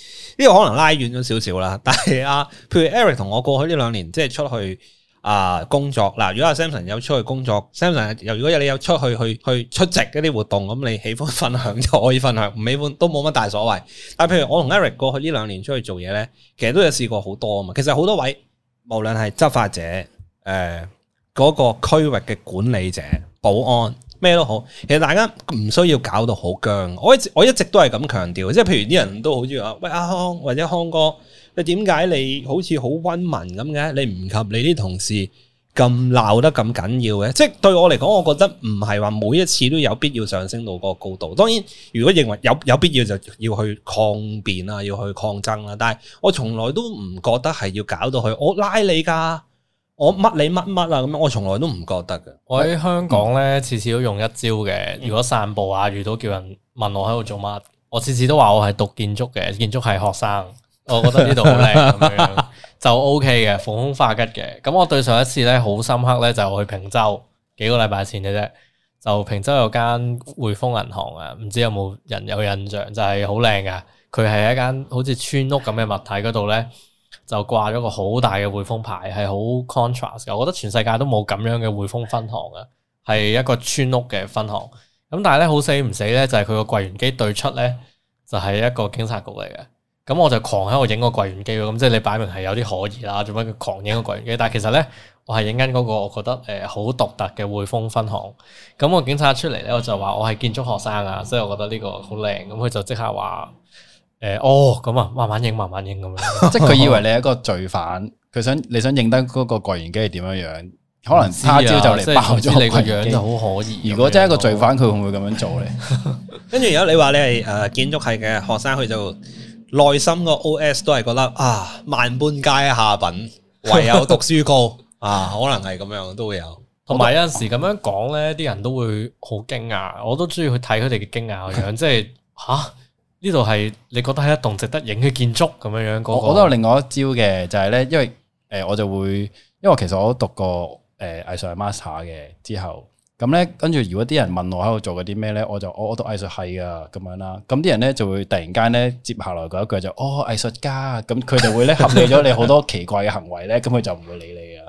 這個可能拉遠咗少少啦。但係啊，譬如 Eric 同我過去呢兩年，即係出去啊、呃、工作嗱。如果阿 Samson 有出去工作，Samson 又如果有你有出去去去出席嗰啲活動，咁你喜歡分享就可以分享，唔喜歡都冇乜大所謂。但係譬如我同 Eric 過去呢兩年出去做嘢咧，其實都有試過好多啊嘛。其實好多位，無論係執法者，誒、呃。嗰個區域嘅管理者、保安咩都好，其實大家唔需要搞到好僵。我一直我一直都係咁強調，即係譬如啲人都好中意話，喂阿康，或者康哥，你點解你好似好溫文咁嘅？你唔及你啲同事咁鬧得咁緊要嘅？即係對我嚟講，我覺得唔係話每一次都有必要上升到嗰個高度。當然，如果認為有有必要，就要去抗辯啦，要去抗爭啦。但係我從來都唔覺得係要搞到去，我拉你㗎。我乜你乜乜啊，咁樣，我從來都唔覺得嘅。我喺香港咧，次次都用一招嘅。如果散步啊，遇到叫人問我喺度做乜，我次次都話我係讀建築嘅，建築系學生。我覺得呢度好靚，就 O K 嘅，逢凶化吉嘅。咁我對上一次咧好深刻咧，就我去坪洲幾個禮拜前嘅啫，就坪洲有間匯豐銀行啊，唔知有冇人有印象，就係好靚嘅。佢係一間好似村屋咁嘅物體嗰度咧。就掛咗個好大嘅匯豐牌，係好 contrast。我覺得全世界都冇咁樣嘅匯豐分行嘅，係一個村屋嘅分行。咁但係咧，好死唔死咧，就係佢個櫃員機對出咧，就係、是、一個警察局嚟嘅。咁我就狂喺度影個櫃員機咯。咁即係你擺明係有啲可疑啦，做乜嘅？狂影個櫃員機。但係其實咧，我係影緊嗰個我覺得誒好獨特嘅匯豐分行。咁、那個警察出嚟咧，我就話我係建築學生啊，所以我覺得呢個好靚。咁佢就即刻話。誒，哦，咁啊，慢慢影，慢慢影咁樣， 即係佢以為你係一個罪犯，佢想你想認得嗰個櫃員機係點樣樣，可能他朝就嚟爆咗、啊、你個樣就好可疑。如果真係一個罪犯，佢 會唔會咁樣做咧？跟住如果你話你築係誒建築系嘅學生，佢就內心個 O S 都係覺得啊，萬般皆下品，唯有讀書高 啊，可能係咁樣都會有。同埋有陣 時咁樣講咧，啲人都會好驚訝，我都中意去睇佢哋嘅驚訝嘅樣，即係吓。呢度係你覺得係一棟值得影嘅建築咁樣樣。那個、我我都有另外一招嘅，就係、是、咧，因為誒、呃，我就會因為其實我讀過誒藝術 master 嘅之後，咁咧跟住如果啲人問我喺度做緊啲咩咧，我就我、哦、我讀藝術係㗎咁樣啦。咁啲人咧就會突然間咧接下來嗰一句就哦藝術家，咁佢就會咧合理咗你好多奇怪嘅行為咧，咁佢 就唔會理你啊。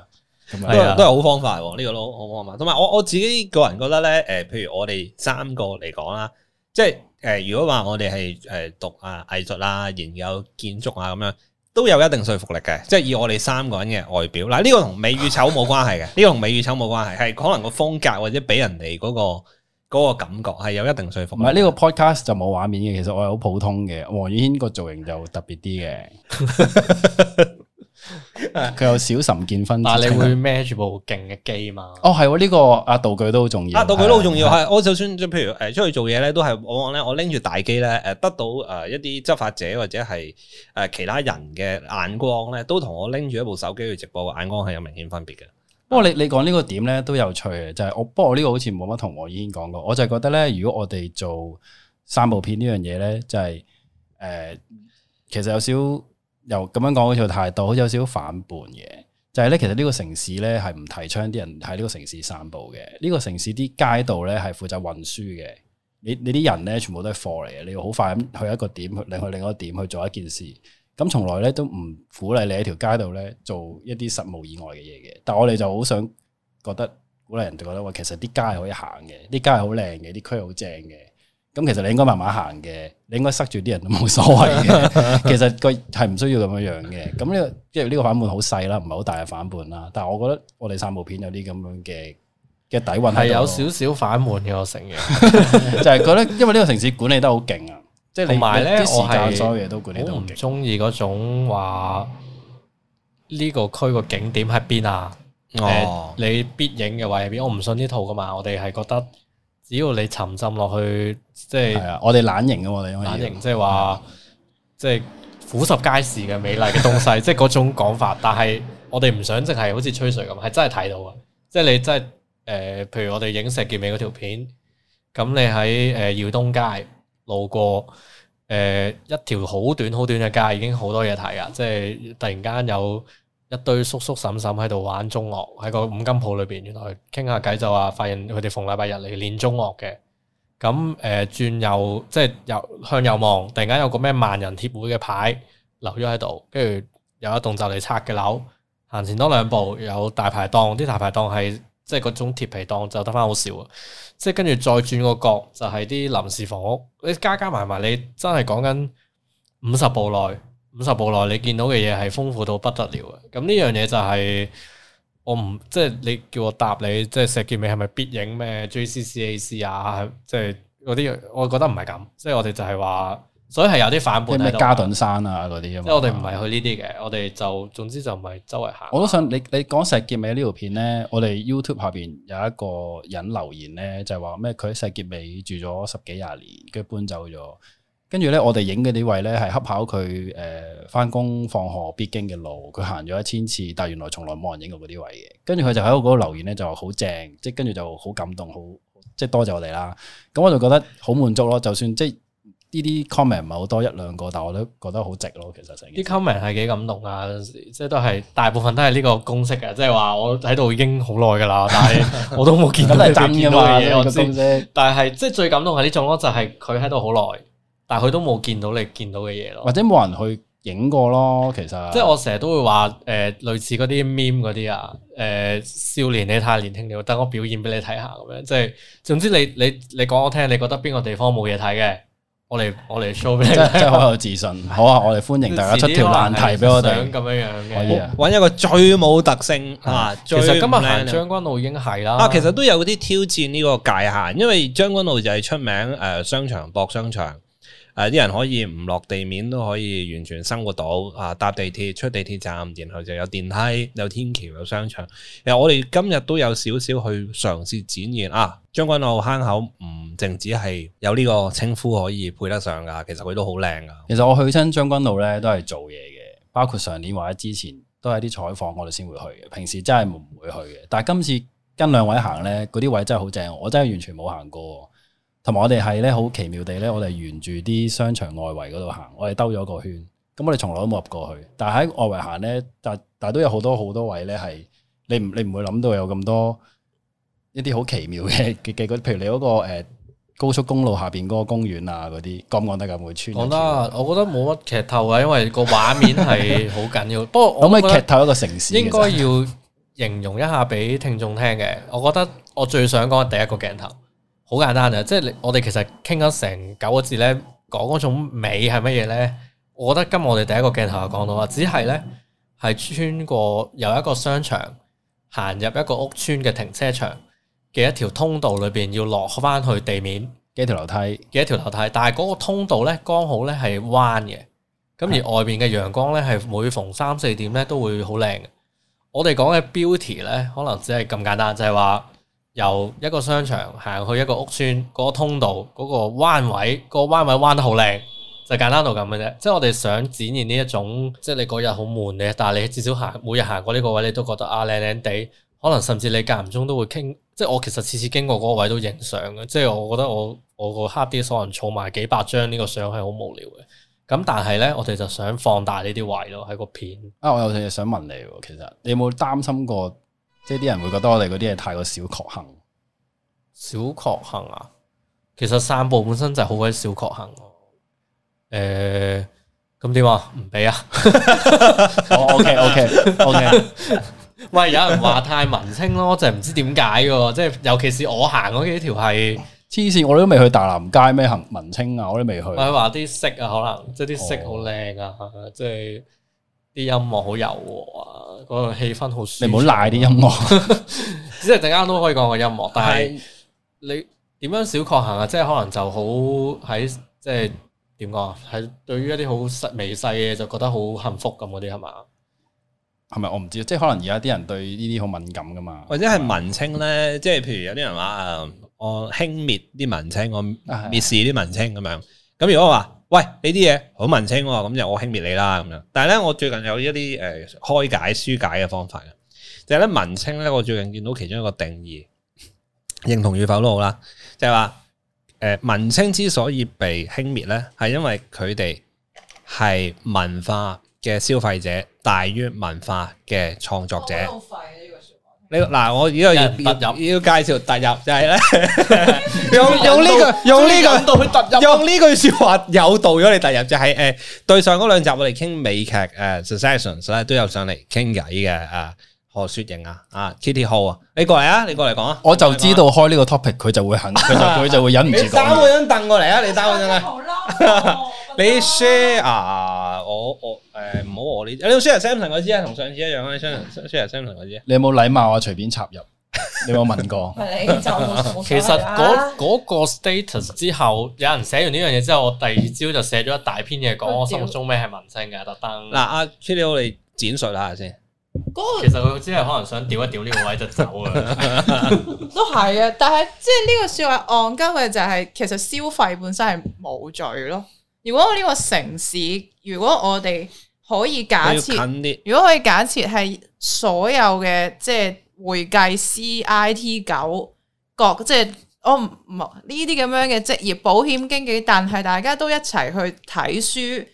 咁啊是，樣都係好方法。呢、這個都好啊嘛。同埋我我,我,我自己個人覺得咧，誒，譬如我哋三個嚟講啦，即係。即即誒，如果話我哋係誒讀啊藝術啦，研究建築啊咁樣，都有一定說服力嘅。即係以我哋三個人嘅外表，嗱、呢、呢個同美與醜冇關係嘅，呢 個同美與醜冇關係，係可能個風格或者俾人哋、嗰、嗰個、嗰個感覺係有一定說服力。唔係呢個 podcast 就冇畫面嘅，其實我係好普通嘅。黃宇軒個造型就特別啲嘅。 佢 有小岑見分，但係、啊、你會孭住部勁嘅機嘛？哦，係喎、哦，呢、這個阿道具都好重要，阿、啊、道具都好重要。係對對我就算，譬如誒出去做嘢咧，都係往往咧，我拎住大機咧，誒得到誒一啲執法者或者係誒其他人嘅眼光咧，都同我拎住一部手機去直播，嘅眼光係有明顯分別嘅、就是。不過你你講呢個點咧都有趣嘅，就係我不過呢個好似冇乜同我已經講過，我就覺得咧，如果我哋做三部片呢樣嘢咧，就係、是、誒、呃、其實有少。又咁樣講好似個態度，好似有少少反叛嘅。就係咧，其實呢個城市咧係唔提倡啲人喺呢個城市散步嘅。呢個城市啲街道咧係負責運輸嘅。你你啲人咧全部都係貨嚟嘅，你要好快咁去一個點去另去另一個點去做一件事。咁從來咧都唔鼓勵你喺條街度咧做一啲實務以外嘅嘢嘅。但係我哋就好想覺得鼓勵人哋覺得話，其實啲街係可以行嘅，啲街係好靚嘅，啲區係好正嘅。咁其實你應該慢慢行嘅，你應該塞住啲人都冇所謂嘅。其實佢係唔需要咁樣樣嘅。咁呢個即係呢個反叛好細啦，唔係好大嘅反叛啦。但係我覺得我哋三部片有啲咁樣嘅嘅底蘊係有少少反叛嘅。我成嘢就係覺得，因為呢個城市管理得好勁啊，即係同埋咧，我係所有嘢都管理得好勁。唔中意嗰種話呢個區個景點喺邊啊？哦，你必影嘅位喺邊？我唔信呢套㗎嘛，我哋係覺得。只要你沉浸落去，即係我哋懶型嘅我哋，懶型即係話， 即係俯拾皆是嘅美麗嘅東西，即係嗰種講法。但係我哋唔想淨係好似吹水咁，係真係睇到嘅。即係你真係誒、呃，譬如我哋影石硖尾嗰條片，咁你喺誒耀東街路過，誒、呃、一條好短好短嘅街已經好多嘢睇啊！即係突然間有。一堆叔叔嬸嬸喺度玩中樂，喺個五金鋪裏邊，原來傾下偈就話，發現佢哋逢禮拜日嚟練中樂嘅。咁誒、呃，轉右即係右向右望，突然間有個咩萬人鐵會嘅牌留咗喺度，跟住有一棟就嚟拆嘅樓。行前多兩步，有大排檔，啲大排檔係即係個種鐵皮檔，就得翻好少。即係跟住再轉個角，就係、是、啲臨時房屋。你加加埋埋，你真係講緊五十步內。五十步內你見到嘅嘢係豐富到不得了嘅，咁呢樣嘢就係我唔即係你叫我答你，即係石硤尾係咪必影咩 JCCAC 啊？即係嗰啲，我覺得唔係咁，即係我哋就係話，所以係有啲反叛。啲咩加頓山啊嗰啲啊嘛，即係我哋唔係去呢啲嘅，我哋就總之就唔係周圍行。我都想你你講石硤尾呢條片咧，我哋 YouTube 下邊有一個人留言咧，就係話咩佢喺石硤尾住咗十幾廿年，跟住搬走咗。跟住咧，我哋影嗰啲位咧，係恰巧佢誒翻工放學必經嘅路，佢行咗一千次，但原來從來冇人影過嗰啲位嘅。跟住佢就喺我個留言咧，就好正，即跟住就好感動，好即多謝我哋啦。咁我就覺得好滿足咯。就算即呢啲 comment 唔係好多一兩個，但我都覺得好值咯。其實成啲 comment 係幾感動啊！即、就係、都係大部分都係呢個公式嘅，即係話我喺度已經好耐噶啦， 但係我都 都冇見到。咁係真嘅嘛？我知，但係是即最感動係呢種咯，就係佢喺度好耐。但佢都冇見到你見到嘅嘢咯，或者冇人去影過咯，其實。即係我成日都會話誒、呃，類似嗰啲 meme 嗰啲啊，誒、呃、少年你太年輕了，等我表演俾你睇下咁樣。即係總之你你你講我聽，你覺得邊個地方冇嘢睇嘅，我嚟我嚟 show 俾你，真係好有自信。 好啊，我哋歡迎大家出條難題俾我哋。想咁樣樣，可以搵一個最冇特性。嗯、啊，最 其實今日行將軍澳已經係啦。啊，其實都有啲挑戰呢個界限，因為將軍澳就係出名誒商場博商場。誒啲、啊、人可以唔落地面都可以完全生活到，啊，搭地鐵出地鐵站，然後就有電梯、有天橋、有商場。其實我哋今日都有少少去嘗試展現啊，將軍澳坑口唔淨止係有呢個稱呼可以配得上㗎，其實佢都好靚㗎。其實我去親將軍澳咧都係做嘢嘅，包括上年或者之前都係啲採訪我哋先會去嘅，平時真係唔會去嘅。但係今次跟兩位行咧，嗰啲位真係好正，我真係完全冇行過。同埋我哋係咧，好奇妙地咧，我哋沿住啲商場外圍嗰度行，我哋兜咗個圈，咁我哋從來都冇入過去。但係喺外圍行咧，但但係都有好多好多位咧，係你唔你唔會諗到有咁多一啲好奇妙嘅嘅，譬如你、那、嗰個誒、呃、高速公路下邊嗰個公園啊，嗰啲，敢唔敢得講唔講得咁會穿？講得，我覺得冇乜劇透啊，因為個畫面係好緊要。 不過可唔可以劇透一個城市？應該要形容一下俾聽眾聽嘅。我覺得我最想講第一個鏡頭。好簡單呀，即係我哋其實傾咗成九個字呢，講嗰種美係乜嘢呢？我覺得今日我哋第一個鏡頭就講到啦，只係呢係穿過由一個商場行入一個屋村嘅停車場嘅一條通道裏邊，要落翻去地面嘅一條樓梯嘅一條樓梯，但係嗰個通道呢，剛好呢係彎嘅，咁而外面嘅陽光呢，係每逢三四點呢都會好靚。我哋講嘅 beauty 呢，可能只係咁簡單，就係話，由一個商場行去一個屋村，嗰個通道，嗰個彎位，個彎位彎得好靚，就簡單到咁嘅啫。即係我哋想展現呢一種，即係你嗰日好悶嘅，但係你至少行每日行過呢個位，你都覺得啊靚靚地。可能甚至你間唔中都會傾，即係我其實次次經過嗰個位都影相嘅。即係我覺得我我個黑啲所有人儲埋幾百張呢個相係好無聊嘅。咁但係咧，我哋就想放大呢啲位咯，喺個片。啊，我有嘢想問你喎，其實你有冇擔心過？即係啲人會覺得我哋嗰啲嘢太過小確幸，小確幸啊！其實散步本身就係好鬼小確幸。誒、欸，咁點啊？唔俾啊？OK OK OK。 喂，有人話太文青咯，即係唔知點解嘅。即係尤其是我行嗰幾條係黐線，我都未去大南街咩行文青啊，我都未去。話啲色啊，可能即係啲色好靚啊，即係。哦啲音樂好柔和啊，嗰、那個氣氛好舒服。你唔好賴啲音樂，只係陣間都可以講個音樂。 但係你點樣小確幸啊？即、就、係、是、可能就好喺即係點講啊？係、就是、對於一啲好細微細嘅就覺得好幸福咁嗰啲係嘛？係咪我唔知？即係可能而家啲人對呢啲好敏感噶嘛？或者係文青咧？即係、嗯、譬如有啲人話啊，我輕蔑啲文青，我蔑視啲文青咁樣。咁、哎、呀如果話？喂，呢啲嘢好文青喎，咁就我輕蔑你啦咁樣。但係咧，我最近有一啲誒、呃、開解、疏解嘅方法嘅。就咧、是、文青咧，我最近見到其中一個定義，認同與否都好啦。就係、是、話，誒、呃、文青之所以被輕蔑咧，係因為佢哋係文化嘅消費者大於文化嘅創作者。你嗱、啊，我而家要要，要介紹突入就係咧，用用呢個用呢個用呢句說話有道咗你突入，就係、是，誒、 就是呃，對上嗰兩集我哋傾美劇誒、呃、successions 咧，都有上嚟傾偈嘅誒，何雪瑩啊，啊 Kitty 好啊，你過嚟啊，你過嚟講啊，我就知道開呢個 topic 佢 就會肯，佢 就佢就會忍唔住。揸嗰張凳過嚟 啊，你揸嗰張啊，你 share 我我。我誒，唔好我呢啲，你 share something 我知啊，同上次一樣可 share something 我知。你，你有冇禮貌啊？隨便插入，你有冇問過？其實嗰、那、嗰個、啊、個 status 之後，有人寫完呢樣嘢之後，我第二朝就寫咗一大篇嘢，講我心目中咩係文青嘅，特登。嗱、啊，阿 Pio 你剪水下先、那個其吵吵個。其實佢只係可能想屌一屌呢個位就走啊。都係啊，但係即係呢個說話戇鳩嘅就係，其實消費本身係冇罪咯。如果呢個城市，如果我哋可以假設，如果可以假設係所有嘅即係會計師、C、IT 狗各即係我呢啲咁樣嘅職業保險經紀，但係大家都一齊去睇書，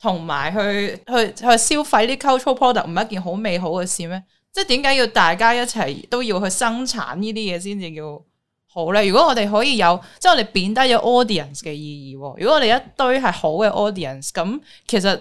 同埋去去去消費啲 culture product，唔係一件好美好嘅事咩？即係點解要大家一齊都要去生產呢啲嘢先至叫？好咧！如果我哋可以有，即係我哋貶低咗 audience 嘅意義。如果我哋一堆係好嘅 audience，咁其實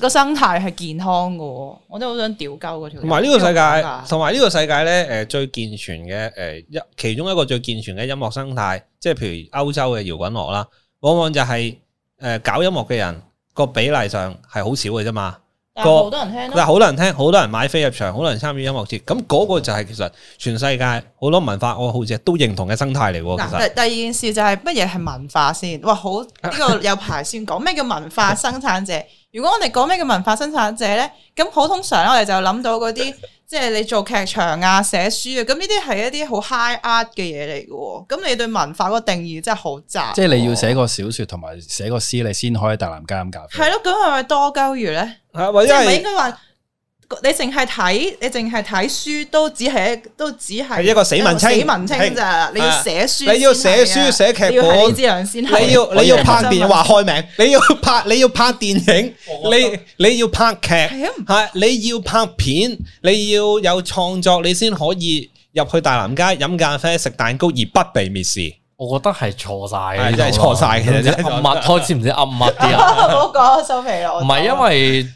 個生態係健康噶。我都好想屌鳩嗰條。同埋呢個世界，同埋呢個世界咧，誒，最健全嘅，誒，一其中一個最健全嘅音樂生態，即係譬如歐洲嘅搖滾樂啦，往往就係誒搞音樂嘅人個比例上係好少嘅啫嘛。好多人聽咯、啊，好多人聽，好多人買飛入場，好多人參與音樂節，咁、那、嗰個就係其實全世界好多文化我好似都認同嘅生態嚟。其實第二件事就係乜嘢係文化先？哇，好呢、這個有排先講咩叫文化生產者。如果我哋講咩嘅文化生產者咧，咁好通常咧，我哋就諗到嗰啲，即係你做劇場啊、寫書啊，咁呢啲係一啲好 high art 嘅嘢嚟嘅。咁你對文化個定義真係好窄，啊。即係你要寫個小說同埋寫個詩，你先可以大南街咁搞。係咯，咁係咪多鳩餘？咧啊，或者係。你淨係睇，你淨係睇書都只係，都只係一個死文青，死文青咋？你要寫書，你要寫書寫劇本，你要至靚先。你要你要拍電話開名，你要拍你要拍電影，你你要拍劇，係你要拍片，你要有創作，你先可以入去大南街飲咖啡、食蛋糕而不被蔑視。我覺得係錯晒，真係錯晒。其實啱乜，我知唔知暗乜啲啊？我講收皮啦，唔係因為。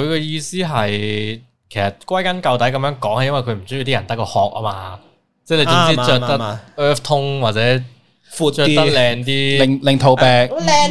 佢嘅意思係，其實歸根究底咁樣講係因為佢唔中意啲人得個殼啊嘛，即係你總之着得 earth tone，或者闊着得靚啲，令令土病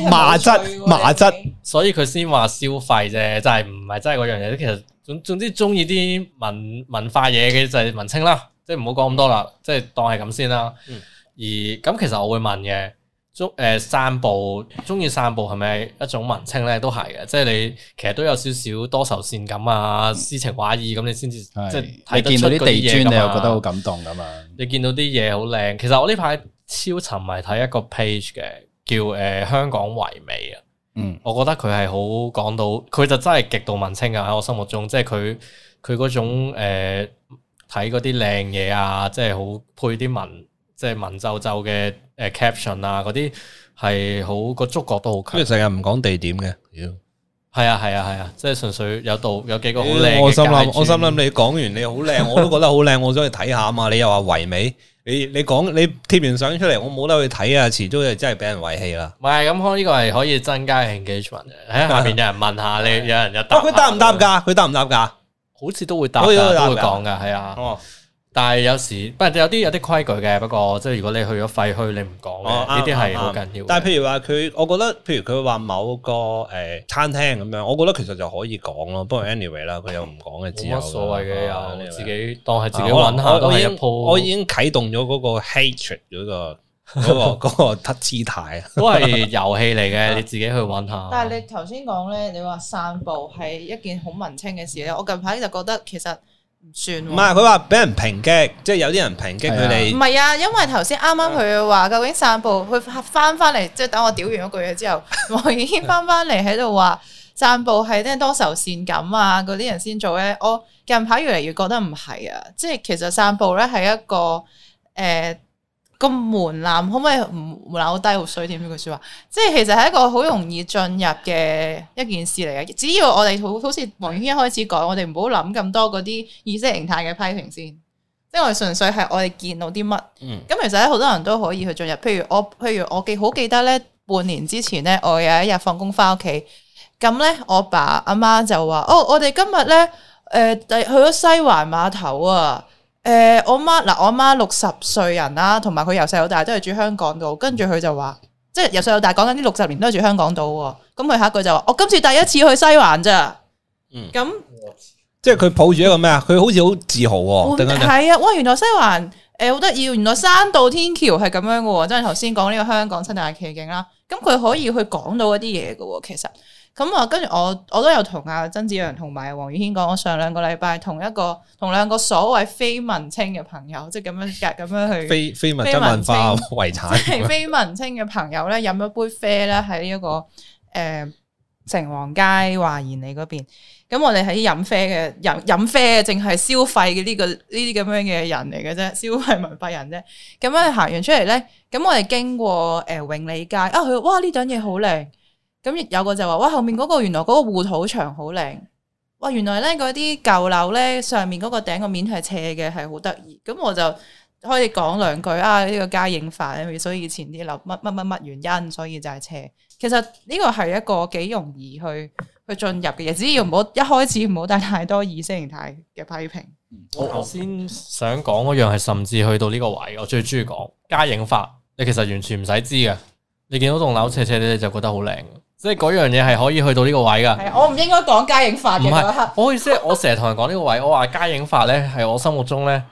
麻質麻質，麻質所以佢先話消費啫，就係唔係真係嗰樣嘢？其實總，總之中意啲文文化嘢嘅就係文青啦，即係唔好講咁多啦，嗯、即係當係咁先啦。嗯、而咁其實我會問嘅。中誒散步，中意散步係咪一種文青咧？都係嘅，即係你其實都有少少多愁善感啊，詩、嗯、情畫意咁，你先至、嗯、即係你、啊、見到啲地磚，你又覺得好感動咁啊！你見到啲嘢好靚，其實我呢排超沉迷睇一個 page 嘅，叫誒、呃、香港唯美啊。嗯，我覺得佢係好講到，佢就真係極度文青㗎！喺我心目中，即係佢佢嗰種睇嗰啲靚嘢啊，即係好配啲文。即係文縐縐嘅誒 caption 啊，嗰啲係好個觸角都好強。跟住成日唔講地點嘅，係啊係啊係啊，即係純粹有度有幾個好靚。我心諗，我心諗你講完你好靚，我都覺得好靚，我想去睇下啊嘛。你又話唯美，你你講你貼完相出嚟，我冇得去睇啊，遲早就真係俾人遺棄啦。唔係咁，呢個係可以增加 engagement。喺下邊有人問下你，有人答。但佢答唔答噶？佢答唔答噶？好似都會答，都會講噶，係啊。但係有時，不過有啲有啲規矩嘅。不過即係如果你去咗廢墟，你唔講呢啲係好緊要，啊啊。但係譬如話佢，我覺得譬如佢話某個誒、呃、餐廳咁樣，我覺得其實就可以講咯。Way，不過 anyway 啦，佢又唔講嘅，冇、啊、有所謂嘅，又自己、啊、當係自己揾下、啊、我，我已經我已經啟動咗嗰個 hatred 嗰、那個嗰個 t o u c 都係遊戲嚟嘅， 你自己去揾下。但係你頭先講咧，你話散步係一件好文青嘅事咧。我近排就覺得其實。唔算，唔係佢話俾人抨擊，即係有啲人抨擊佢哋。唔係啊，因為頭先啱啱佢話，究竟散步佢翻翻嚟，即係等我屌完一句嘢之後，我已經翻翻嚟喺度話散步係啲多愁善感啊嗰啲人先做咧。我近排越嚟越覺得唔係啊，即係其實散步咧係一個誒。呃個門檻可唔可以唔門檻低好衰添？呢句說話，即係其實係一個好容易進入嘅一件事嚟嘅。只要我哋好好似黃宇軒一開始講，我哋唔好諗咁多嗰啲意識形態嘅批評先，即係我哋純粹係我哋見到啲乜。咁、嗯、其實咧，好多人都可以去進入。譬如我，譬如我記好記得咧，半年之前咧，我有一日放工翻屋企，咁咧，我爸阿媽就話：哦，我哋今日咧，誒、呃，第去咗西環碼頭啊！誒、呃，我媽嗱，我媽六十歲人啦，同埋佢由細到大都係住香港度，跟住佢就話，即係由細到大講緊呢六十年都係住香港度，咁佢下一句就話，我、哦、今次第一次去西環咋，咁、嗯、樣即係佢抱住一個咩啊？佢好似好自豪喎，係、嗯嗯、啊，哇，原來西環誒好得意，原來山道天橋係咁樣噶，即係頭先講呢個香港三大奇景啦，咁佢可以去講到一啲嘢噶，其實。咁我，我跟住我我都有同阿曾梓洋同埋黃宇軒講，我上兩個禮拜同一個同兩個所謂非文青嘅朋友，即係咁樣夾咁樣去非非文文化遺產，非文，非文青嘅朋友咧，飲一杯啡啦，這個，喺呢一個誒城皇街華言里嗰邊。咁我哋喺飲啡嘅飲飲啡，淨係消費嘅呢個呢啲咁樣嘅人嚟嘅啫，消費文化人啫。咁樣行完出嚟咧，咁我哋經過誒、呃、永利街啊，佢哇，呢盞嘢好靚。咁有個就話：哇，後面嗰個原來嗰個護土牆好靚。哇，原來咧嗰啲舊樓咧上面嗰個頂個面係斜嘅，係好得意。咁我就開始講兩句啊，呢個加影法，所以以前啲樓乜乜乜乜原因，所以就係斜。其實呢個係一個幾容易去去進入嘅嘢，只要唔好一開始唔好帶太多意識形態嘅批評。我頭先想講嗰樣係甚至去到呢個位，我最中意講加影法。你其實完全唔使知嘅，你見到棟樓斜斜哋就覺得好靚。即係嗰樣嘢係可以去到呢個位噶，我唔應該講街影法嘅嗰一刻。我意思，我成日同人講呢個位，我話街影法咧係我心目中咧，誒、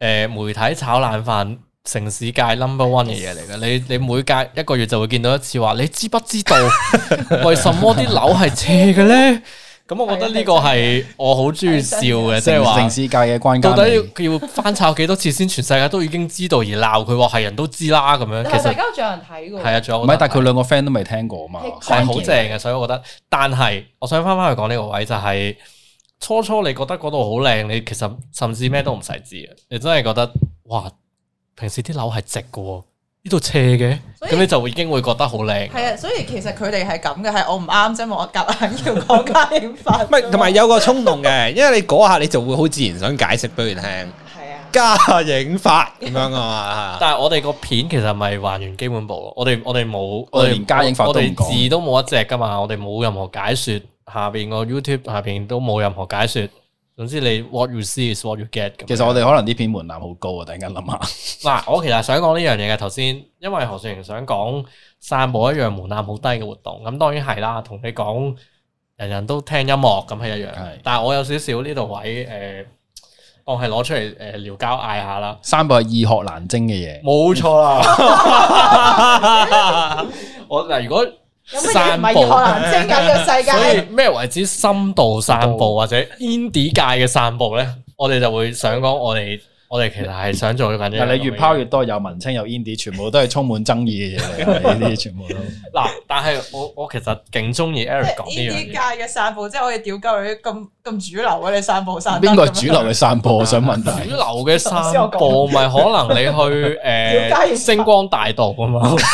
呃、媒體炒爛飯城市界 number one 嘅嘢嚟噶。你你每隔一個月就會見到一次話，你知不知道為什麼啲樓係斜嘅咧？ 咁、嗯、我覺得呢個係我好中意笑嘅，即係話城市界嘅關，到底佢要翻炒幾多次先全世界都已經知道而鬧佢？話係 人都知啦咁樣。其實而家仲有人睇喎。係啊，仲有。唔係，但係佢兩個 friend 都未聽過嘛。係好正嘅，所以我覺得。但係我想翻翻去講呢個位就係，是，初初你覺得嗰度好靚，你其實甚至咩都唔使知嘅。你真係覺得哇，平時啲樓係直嘅呢度斜嘅，咁以你就已經會覺得好靚。係啊，所以其實佢哋係咁嘅，係我唔啱啫，我夾硬，硬要講加影法 很。唔係，同埋有個衝動嘅，因為你嗰下你就會好自然想解釋俾佢聽。係啊的，加影法咁樣噶嘛。 但係我哋個片其實咪還原基本步，我哋我哋冇，我，我連加影法我哋字都冇一隻噶嘛，我哋冇任何解說，下邊個 YouTube 下邊都冇任何解說。總之你 what you see is what you get。其實我哋可能呢片門檻好高啊！突然間諗下，嗱、啊，我其實想講呢樣嘢嘅頭先，因為何雪瑩想講散步一樣門檻好低嘅活動，咁、嗯、當然係啦，同你講人人都聽音樂咁係一樣，是但係我有少少呢度位誒、呃，我係攞出嚟誒聊交嗌下啦。散步係易學難精嘅嘢，冇錯啦。 我嗱，如果。有乜嘢唔係易學難精嘅世界？咩為之深度散步或者 indie 界嘅散步咧？我哋就會想講我哋我哋其實係想做緊啲，你越拋越多，有文青有 indie，全部都係充滿爭議嘅嘢嚟，呢啲 全部都。嗱，但係我我其實勁中意 Eric 講呢樣嘢。indie 界嘅散步即係我哋屌鳩，去咁咁主流嘅散步，散步邊個係主流嘅散步？我想問下。啊、主流嘅散步唔係可能你去誒、呃、星光大道啊嘛？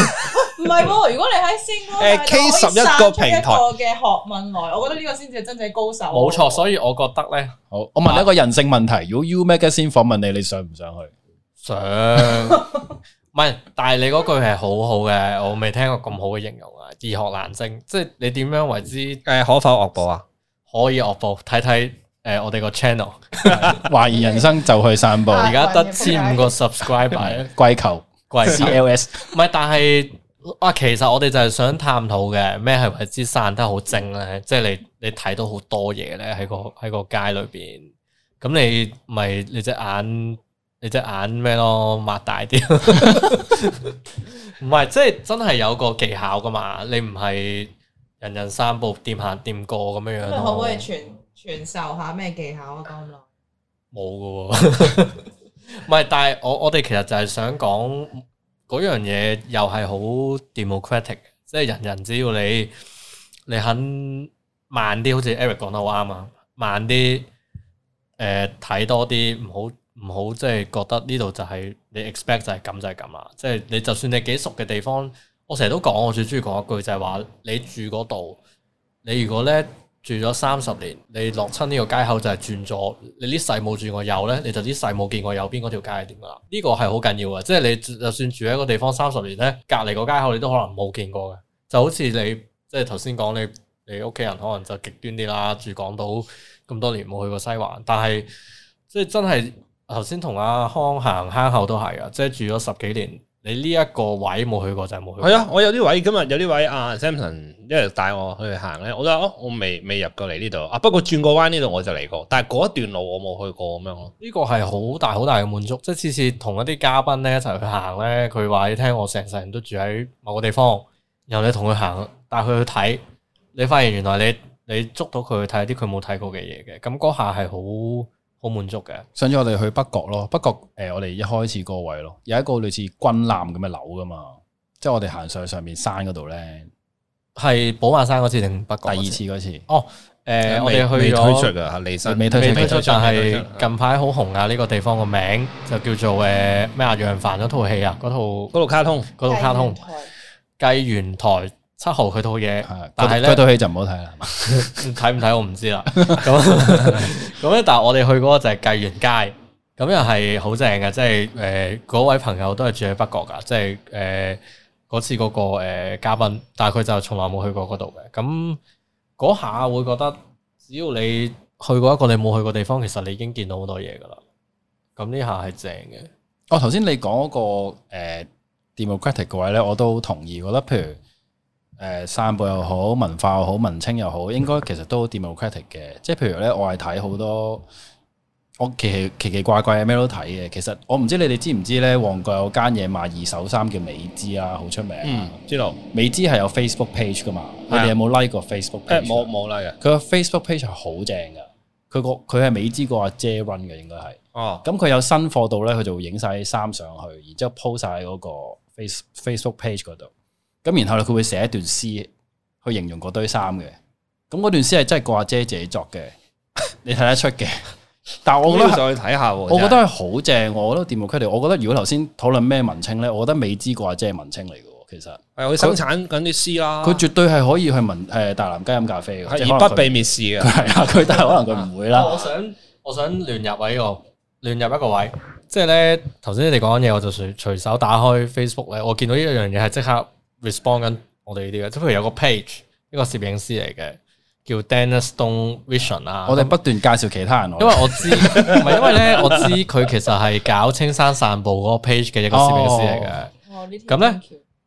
唔係喎，如果你喺星 K 十一個平台嘅學問來，我覺得呢個先至係真正高手。冇錯，所以我覺得咧，好，我問你一個人性問題。如果 U Magazine 訪問你，你想唔想去？想？唔係，但係你嗰句係好好嘅，我未聽過咁好嘅形容啊！易學難精，即係你點樣為之誒可否惡報啊？可以惡報，睇睇誒我哋個 channel，懷疑人生就去散步，而家得千五個 subscriber，跪 求跪 CLS。唔係，但係。啊，其實我哋就係想探討嘅咩係為之散得好精咧，即係你你睇到好多嘢咧喺個喺個街裏邊，咁你咪、就是、你隻眼你隻眼咩咯，擘大啲，唔係即係真係有個技巧噶嘛，你唔係人人散步掂下掂過咁樣樣，可唔可以傳傳授下咩技巧啊咁咯？冇噶喎，唔係有， 但係我我哋其實就係想講。嗰樣嘢又係好 democratic，即係人人只要你你肯慢啲，好似 Eric 講得好啱啊，慢啲誒睇多啲，唔好唔好即係覺得呢度就係、是、你 expect 就係咁就係咁啊。即係你就算你幾熟嘅地方，我成日都講，我最中意講一句就係話你住嗰度，你如果咧。住咗三十年，你落親呢個街口就係轉左。你呢世冇住過右呢？你就呢世冇見過右邊嗰條街係點啦。呢個係好緊要嘅，即係你就算住喺一個地方三十年呢，隔離個街口你都可能冇見過嘅。就好似你即係頭先講你你屋企人可能就極端啲啦，住港島咁多年冇去過西環，但係即係真係頭先同阿康行坑口都係啊，即係住咗十幾年。你呢一個位冇去過就係冇去過。係啊，我有啲位今日有啲位啊 Samson 一日帶我去行咧，我都哦我未未入過嚟呢度啊，不過轉個彎呢度我就嚟過，但係嗰一段路我冇去過咁樣咯。呢個係好大好大嘅滿足，即係次次同一啲嘉賓咧一齊去行咧，佢話你聽我成世人都住喺某個地方，然後你同佢行帶佢去睇，你發現原來你你捉到佢去睇啲佢冇睇過嘅嘢嘅，咁嗰下係好～好滿足嘅，上次我哋去北角咯，北角誒、呃、我哋一開始個位咯，有一個類似軍艦咁嘅樓噶嘛，即係我哋行上去上面山嗰度咧，係寶馬山嗰次定北角第二次嗰次？哦，誒、呃、未我哋去未推出啊，離世未推出，但係近排好紅啊！呢個地方個名就叫做誒咩？楊凡嗰套戲啊，嗰套嗰套卡通，嗰套卡通繼園臺。七號佢套嘢，但係咧套戲就唔好睇啦，睇唔睇我唔知啦。咁咁咧，但係我哋去嗰個就係繼園街，咁又係好正嘅。即係誒，嗰、呃、位朋友都係住喺北角噶，即係誒嗰次嗰、那個誒、呃、嘉賓，但係佢就從來冇去過嗰度嘅。咁嗰下會覺得，只要你去過一個你冇去過地方，其實你已經見到好多嘢噶啦。咁呢下係正嘅。我頭先你講嗰、那個誒、呃、Demographic 位咧，我都同意，我覺得譬如。誒散步又好，文化又好，文青又好，應該其實都好 democratic 嘅。即係譬如咧，我係睇好多，我奇奇奇奇怪怪咩都睇嘅。其實我唔知你哋知唔知咧，旺角有間嘢賣二手衫叫美姿啊，好出名、嗯。知道。美姿係有 Facebook page 噶嘛？啊、你哋有冇 like 過 Facebook page？冇冇 like 嘅。佢個 Facebook page 係好正噶。佢個佢係美姿個阿 J Run 嘅，應該係。哦。咁佢、嗯、有新貨度咧，佢就會影晒啲衫上去，然之後 po 晒曬嗰個 face Facebook page 嗰度。咁然後咧，佢會寫一段詩去形容嗰堆衫嘅。咁嗰段詩係真係個阿姐自己作嘅， 你睇得出嘅。但係我覺得再睇下，我覺得係好正。我覺得掂過佢哋。我覺， 我覺得如果頭先討論咩文青咧，我覺得未知個阿姐係文青嚟嘅。其實係去生產緊啲詩啦。佢絕對係可以去文誒大南街飲咖啡嘅，是而不被蔑視嘅。係啊，佢但係可能佢唔會啦。 我想 我想亂入位、這個亂入一個位，即係咧頭先你哋講緊嘢，我就隨隨手打開 Facebook 咧，我見到一樣嘢係即刻。respond 緊我哋呢啲嘅，即譬如有個 page，一個攝影師嚟嘅，叫 Dennis Stone Vision 啊。我哋不斷介紹其他人，因為我知唔係 因為咧，我知佢其實係搞青山散步嗰個 page 嘅一個攝影師嚟嘅。咁咧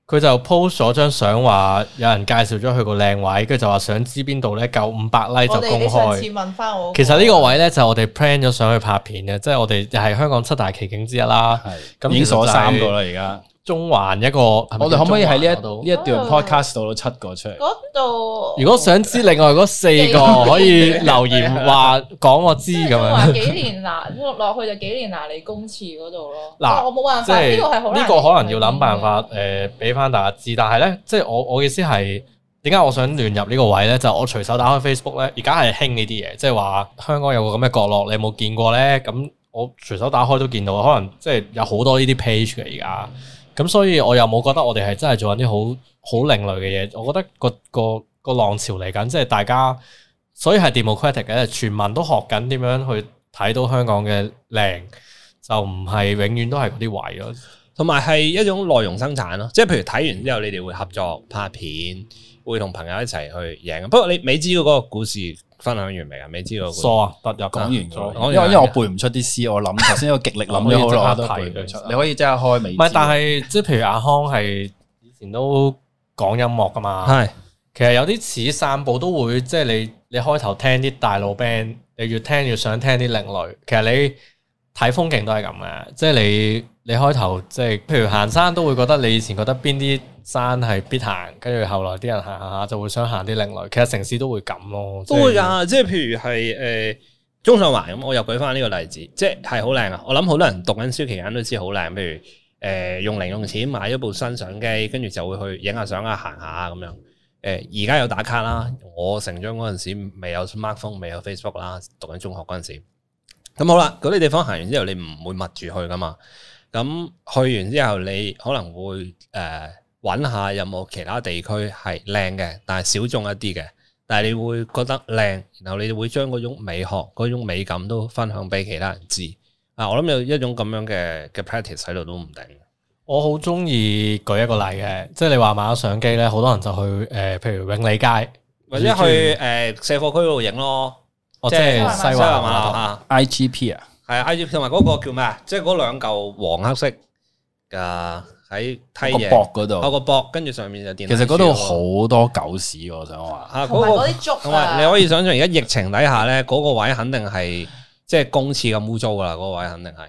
佢就 post 咗張相，話有人介紹咗佢個靚位，跟住就話想知邊度咧夠五百 like 就公開。上次問翻我，其實呢個位咧就我哋 plan 咗上去拍片嘅，即、就、係、是、我哋係香港七大奇景之一啦。係，嗯就是、已經數咗三個啦，而家。中環一個，我哋、哦、可唔可以喺呢一度？呢一段 podcast 到到七個出？嚟裡。度如果想知另外嗰四個，可以留言話講 我知咁樣。幾年嗱落落去就幾年嗱，你公廁嗰度咯。嗱、哦、我冇辦法，呢是個係好呢個可能要諗辦法誒，俾、呃、翻大家知。但係咧，即係我我意思係點解我想亂入呢個位咧？就是、我隨手打開 Facebook 咧，而家係興呢啲嘢，即係話香港有個咁嘅角落，你有冇見過咧？咁我隨手打開都見到，可能即係有好多呢啲 page 嘅而家。咁所以，我又冇覺得我哋係真係做緊啲好好另類嘅嘢。我覺得、嗰個、嗰個、嗰個浪潮嚟緊，即係大家，所以係 democratic 嘅，全民都學緊點樣去睇到香港嘅靚，就唔係永遠都係嗰啲壞咯。同埋係一種內容生產咯，即係譬如睇完之後，你哋會合作拍片，會同朋友一齊去贏。不過你未知嗰個故事。分享完未啊？未知道。疏啊，得入講完，咗，因為因為我背唔出啲詩，我諗頭先我極力諗咗好耐。你可以即刻開微。唔係，但係即係譬如阿康係以前都講音樂㗎嘛。係是。其實有啲似散步都會，即係你你開頭聽啲大路 band，你越聽越想聽啲另類。其實你。睇風景都係咁嘅，即係你你開頭即係譬如行山都會覺得你以前覺得邊啲山係必行，跟住後來啲人行下下就會想行啲另類。其實城市都會咁咯，都會㗎。即係、啊、譬如係誒、呃、中上環咁，我又舉翻呢個例子，即係係好靚啊！我諗好多人讀緊書期間都知好靚。譬如誒、呃、用零用錢買咗部新相機，跟住就會去影下相啊、行下啊咁樣。誒而家有打卡啦，我成長嗰陣時未有 smartphone、未有 Facebook 啦，讀緊中學嗰陣時。咁好啦，嗰啲地方行完之後，你唔會密住去噶嘛？咁去完之後，你可能會誒，揾、呃、下有冇其他地區係靚嘅，但係小眾一啲嘅，但係你會覺得靚，然後你就會將嗰種美學、嗰種美感都分享俾其他人知。啊，我諗有一種咁樣嘅嘅 practice 喺度都唔定。我好中意舉一個例嘅，即、就、係、是、你話買咗相機咧，好多人就去誒、呃，譬如永利街，或者去誒，卸貨區度影咯。哦、即係西華係嘛？I G P 啊，係啊，I G P 同埋嗰個叫咩啊？即係嗰兩嚿黃黑色嘅喺梯嘢個膊嗰度，有個膊跟住上面就電。其實嗰度好多狗屎，我想話吓啲竹，同埋你可以想象，而家疫情底下咧，嗰、嗰個位肯定係即係公廁咁污糟噶啦，嗰、即係嗰個位肯定係。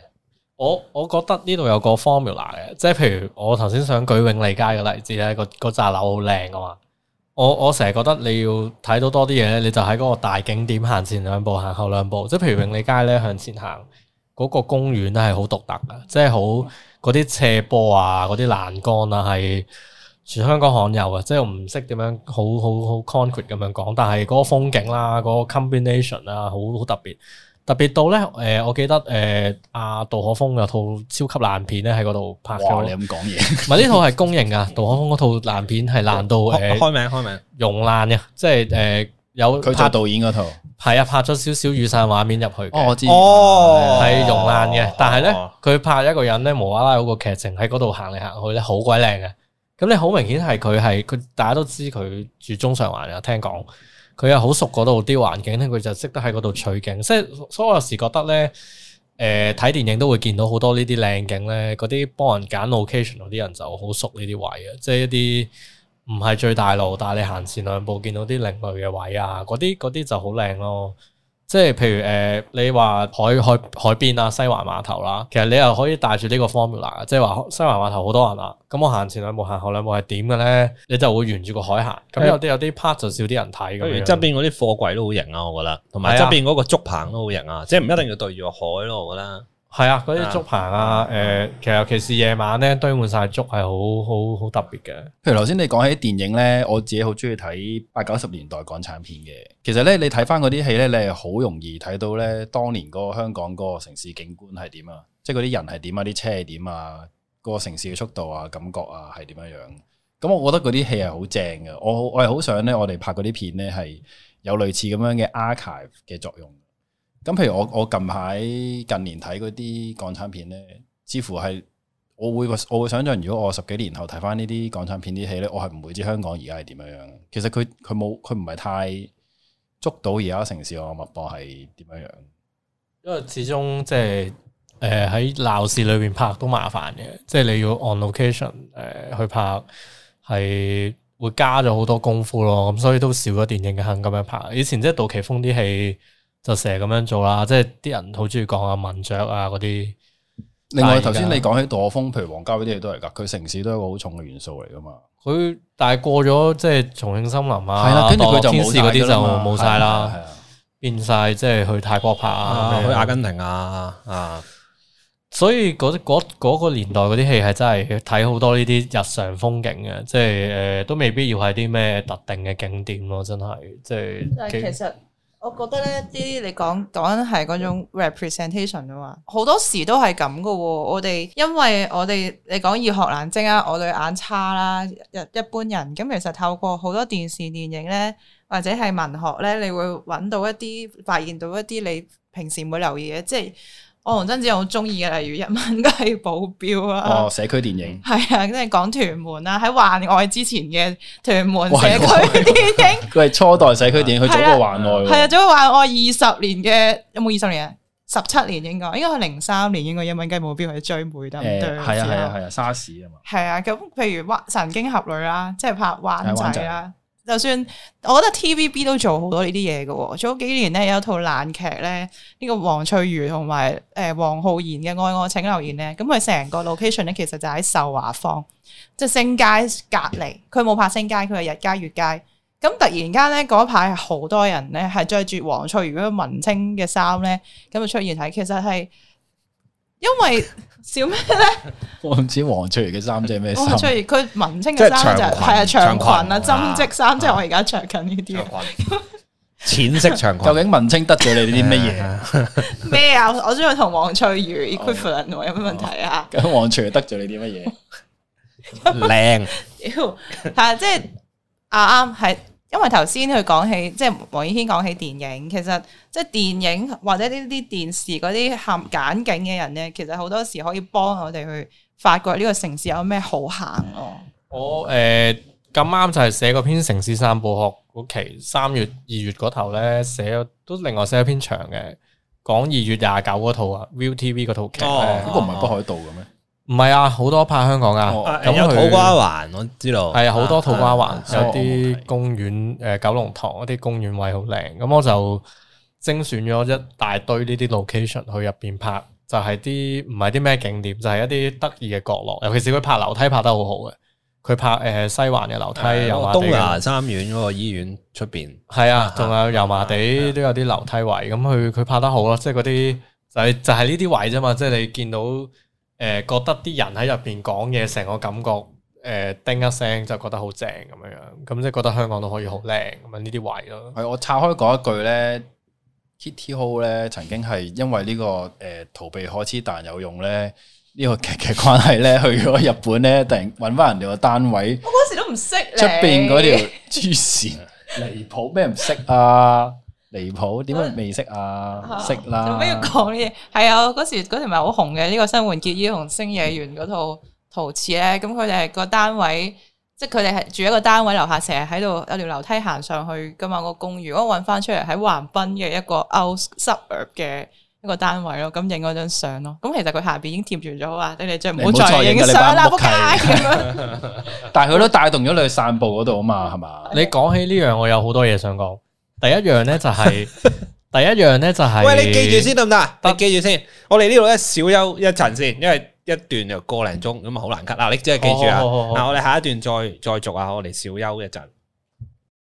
我我覺得呢度有個 formula 嘅，即係譬如我頭先想舉永利街嘅例子咧，個個扎樓好靚噶嘛。我我成日覺得你要睇到多啲嘢咧，你就喺嗰個大景點行前兩步，行後兩步。即係譬如永利街咧，向前行嗰個公園咧係好獨特嘅，即係好嗰啲斜坡啊、嗰啲欄杆啊，係全香港罕有啊，即係唔識點樣好好好 concrete 咁樣講，但係嗰個風景啦、嗰個 combination 啊，好好特別。特別到咧，誒，我記得誒，阿杜可峰有套超級爛片咧喺嗰度拍嘅。哇！你咁講嘢，唔係呢套係公認噶，杜可峰嗰套爛片係爛到開名開名融爛嘅，即係誒有佢做導演嗰套係啊，拍咗少少雨傘畫面入去。哦，我知哦，係融爛嘅。但係咧，佢拍一個人咧，無啦啦有個劇情喺嗰度行嚟行去咧，好鬼靚嘅。咁你好明顯係佢係佢，大家都知佢住中上環啊，聽講。佢又好熟嗰度啲環境咧，佢就識得喺嗰度取景，即係所以我有時覺得咧，誒、呃、睇電影都會見到好多呢啲靚景咧，嗰啲幫人揀 location 嗰啲人就好熟呢啲位啊，即係一啲唔係最大路，但係你行前兩步見到啲另類嘅位啊，嗰啲嗰啲就好靚咯。即係譬如誒、呃，你話海海海邊啊，西環碼頭啦，其實你又可以帶住呢個 formula，即係話西環碼頭好多人啊，咁我行前兩步行後兩步係點嘅咧，你就會沿住個海行。咁有啲的有啲 part 就少啲人睇。咁你側邊嗰啲貨櫃都好型啊，我覺得。同埋側邊嗰個竹棚都好型啊，的即係唔一定要對住個海咯，我覺得。係啊，嗰啲竹棚啊，誒、呃，其實尤其是夜晚咧堆滿晒竹係好好好特別嘅。譬如頭先你講起電影咧，我自己好中意睇八九十年代港產片嘅。其實咧你睇翻嗰啲戲咧，你係好容易睇到咧當年嗰個香港嗰個城市景觀係點啊，即係嗰啲人係點啊，啲車係點啊，嗰、那個城市嘅速度啊，感覺啊係點樣樣。咁我覺得嗰啲戲係好正嘅。我我係好想咧，我哋拍嗰啲片咧係有類似咁樣嘅 archive 嘅作用。咁譬如我我近排近年睇嗰啲港產片咧，似乎係我會我會想象，如果我十幾年後睇翻呢啲港產片啲戲咧，我係唔會知香港而家係點樣樣。其實佢佢冇佢唔係太捉到而家城市嘅脈搏係點樣樣，因為始終即係誒喺鬧市裏邊拍都麻煩嘅，即係你要 on location 誒去拍係會加咗好多功夫咯，咁所以都少咗電影嘅肯咁樣拍。以前即係杜琪峰啲戲。就成日咁樣做啦，即係啲人好中意講啊文雀啊嗰啲。另外頭先你講起杜可風，譬如王家衛啲嘢都係噶，佢城市都係一個好重嘅元素嚟噶嘛。佢但係過咗，即、就、係、是、重慶森林啊，係啦、啊，跟住佢就天使嗰啲就冇晒啦，啊啊、變晒即係去泰國拍、啊，啊、去阿根廷啊啊。所以嗰、那、嗰、個那個年代嗰啲戲係真係睇好多呢啲日常風景嘅，即係誒都未必要係啲咩特定嘅景點咯，真係即係。係、就是、其實。我覺得咧啲你講緊係嗰種 representation 啊嘛，好多時都係咁噶喎。我哋因為我哋你講易學難精啊，我對眼差啦，一一般人咁其實透過好多電視電影咧，或者係文學咧，你會揾到一啲發現到一啲你平時唔會留意嘅即係。我同曾梓洋好中意嘅，例如《一蚊雞保鏢》哦、啊、就是哦，哦，哦社區電影係啊，即係講屯門啊。喺環外之前嘅屯門社區電影，佢係初代社區電影，佢早過環外，係啊，早過環外二十年嘅，有冇二十年,年,年應該應該、欸、啊？十七年應該，應該係零三年應該《一蚊雞保鏢》或者追梅，得。係唔係啊係啊係啊，沙士啊嘛，係啊，咁譬如《神經俠侶》啊，即係拍灣仔啊。就算我覺得 TVB 都做好多呢啲嘢嘅，早幾年咧有一套爛劇咧，呢、這個黃翠如同埋誒黃浩然嘅《愛我請留言》咧，咁佢成個 location 咧其實就喺秀華坊，即係星街隔離，佢冇拍星街，佢係日街、月街，咁突然間咧嗰一排好多人咧係着住黃翠如嘅文青嘅衫咧，咁就出現喺，其實係。因為小咩咧？我唔知黃翠如嘅衫即係咩衫？黃翠如佢文青嘅衫就係啊，長裙啊，針織衫，即係我而家着緊呢啲。裙，淺色長裙。究竟文青得咗你啲乜嘢？咩啊？我鍾意同黃翠如 equivalent 有乜問題啊？咁黃翠如得咗你啲乜嘢？靚。妖，係即係啱啱係。因為頭先佢講起，即係黃宇軒講起電影，其實即係電影或者呢啲電視嗰啲含揀景嘅人咧，其實好多時可以幫我哋去發掘呢個城市有咩好行咯。嗯、我誒咁啱就係寫嗰篇城市散步學嗰期三月二月嗰頭咧，寫咗都另外寫一篇長嘅，講二月廿九嗰套啊 ViuTV 嗰套劇咧，嗰個唔係北海道嘅咩？唔係啊，好多拍香港噶，有土瓜灣我知道，係啊，好多土瓜灣，有啲公園，誒九龍塘嗰啲公園位好靚，咁我就精選咗一大堆呢啲 location 去入邊拍，就係啲唔係啲咩景點，就係一啲得意嘅角落，尤其是佢拍樓梯拍得好好嘅，佢拍誒西環嘅樓梯，有東華三院嗰個醫院出邊，係啊，仲有油麻地都有啲樓梯位，咁佢佢拍得好咯，即係嗰啲就係就係呢啲位啫嘛，即係你見到。誒、呃，覺得啲人喺入邊講嘢，成個感覺誒、呃，叮一聲就覺得好正咁樣樣，咁即係覺得香港都可以好靚咁樣呢啲位咯。我拆開嗰一句咧，Kitty Ho 咧， 曾經係因為呢、這個誒、呃、逃避可恥但有用咧，呢個劇嘅關係咧，去咗日本咧， 突然搵翻人哋個單位， 我嗰時都唔識出邊嗰條黐線離譜咩唔識啊！離譜，點解未識啊？識啦，做咩要講嘢？係啊，嗰時嗰時咪好紅嘅呢個新垣結衣同星野源嗰套逃恥咧。咁佢哋係個單位，即係佢哋係住一個單位樓下，成日喺度有條樓梯行上去噶嘛。個公寓，我搵翻出嚟喺橫濱嘅一個 out suburb 嘅一個單位咯。咁影嗰張相咯。咁其實佢下邊已經貼住咗話，你哋再唔好再影相啦，仆、那個、街咁樣。 但係佢都帶動咗你去散步嗰度啊嘛，係嘛？ 你講起呢、這、樣、個，我有好多嘢想講。 第一樣呢就係、是， 第一樣呢就係、是，喂，你記住先得唔得？你記住先，我哋呢度咧小休一陣先，因為一段一個鐘就個零鐘咁啊，好難 cut。嗱，你只係記住啊，嗱、哦啊，我哋下一段再再續啊，我哋小休一陣。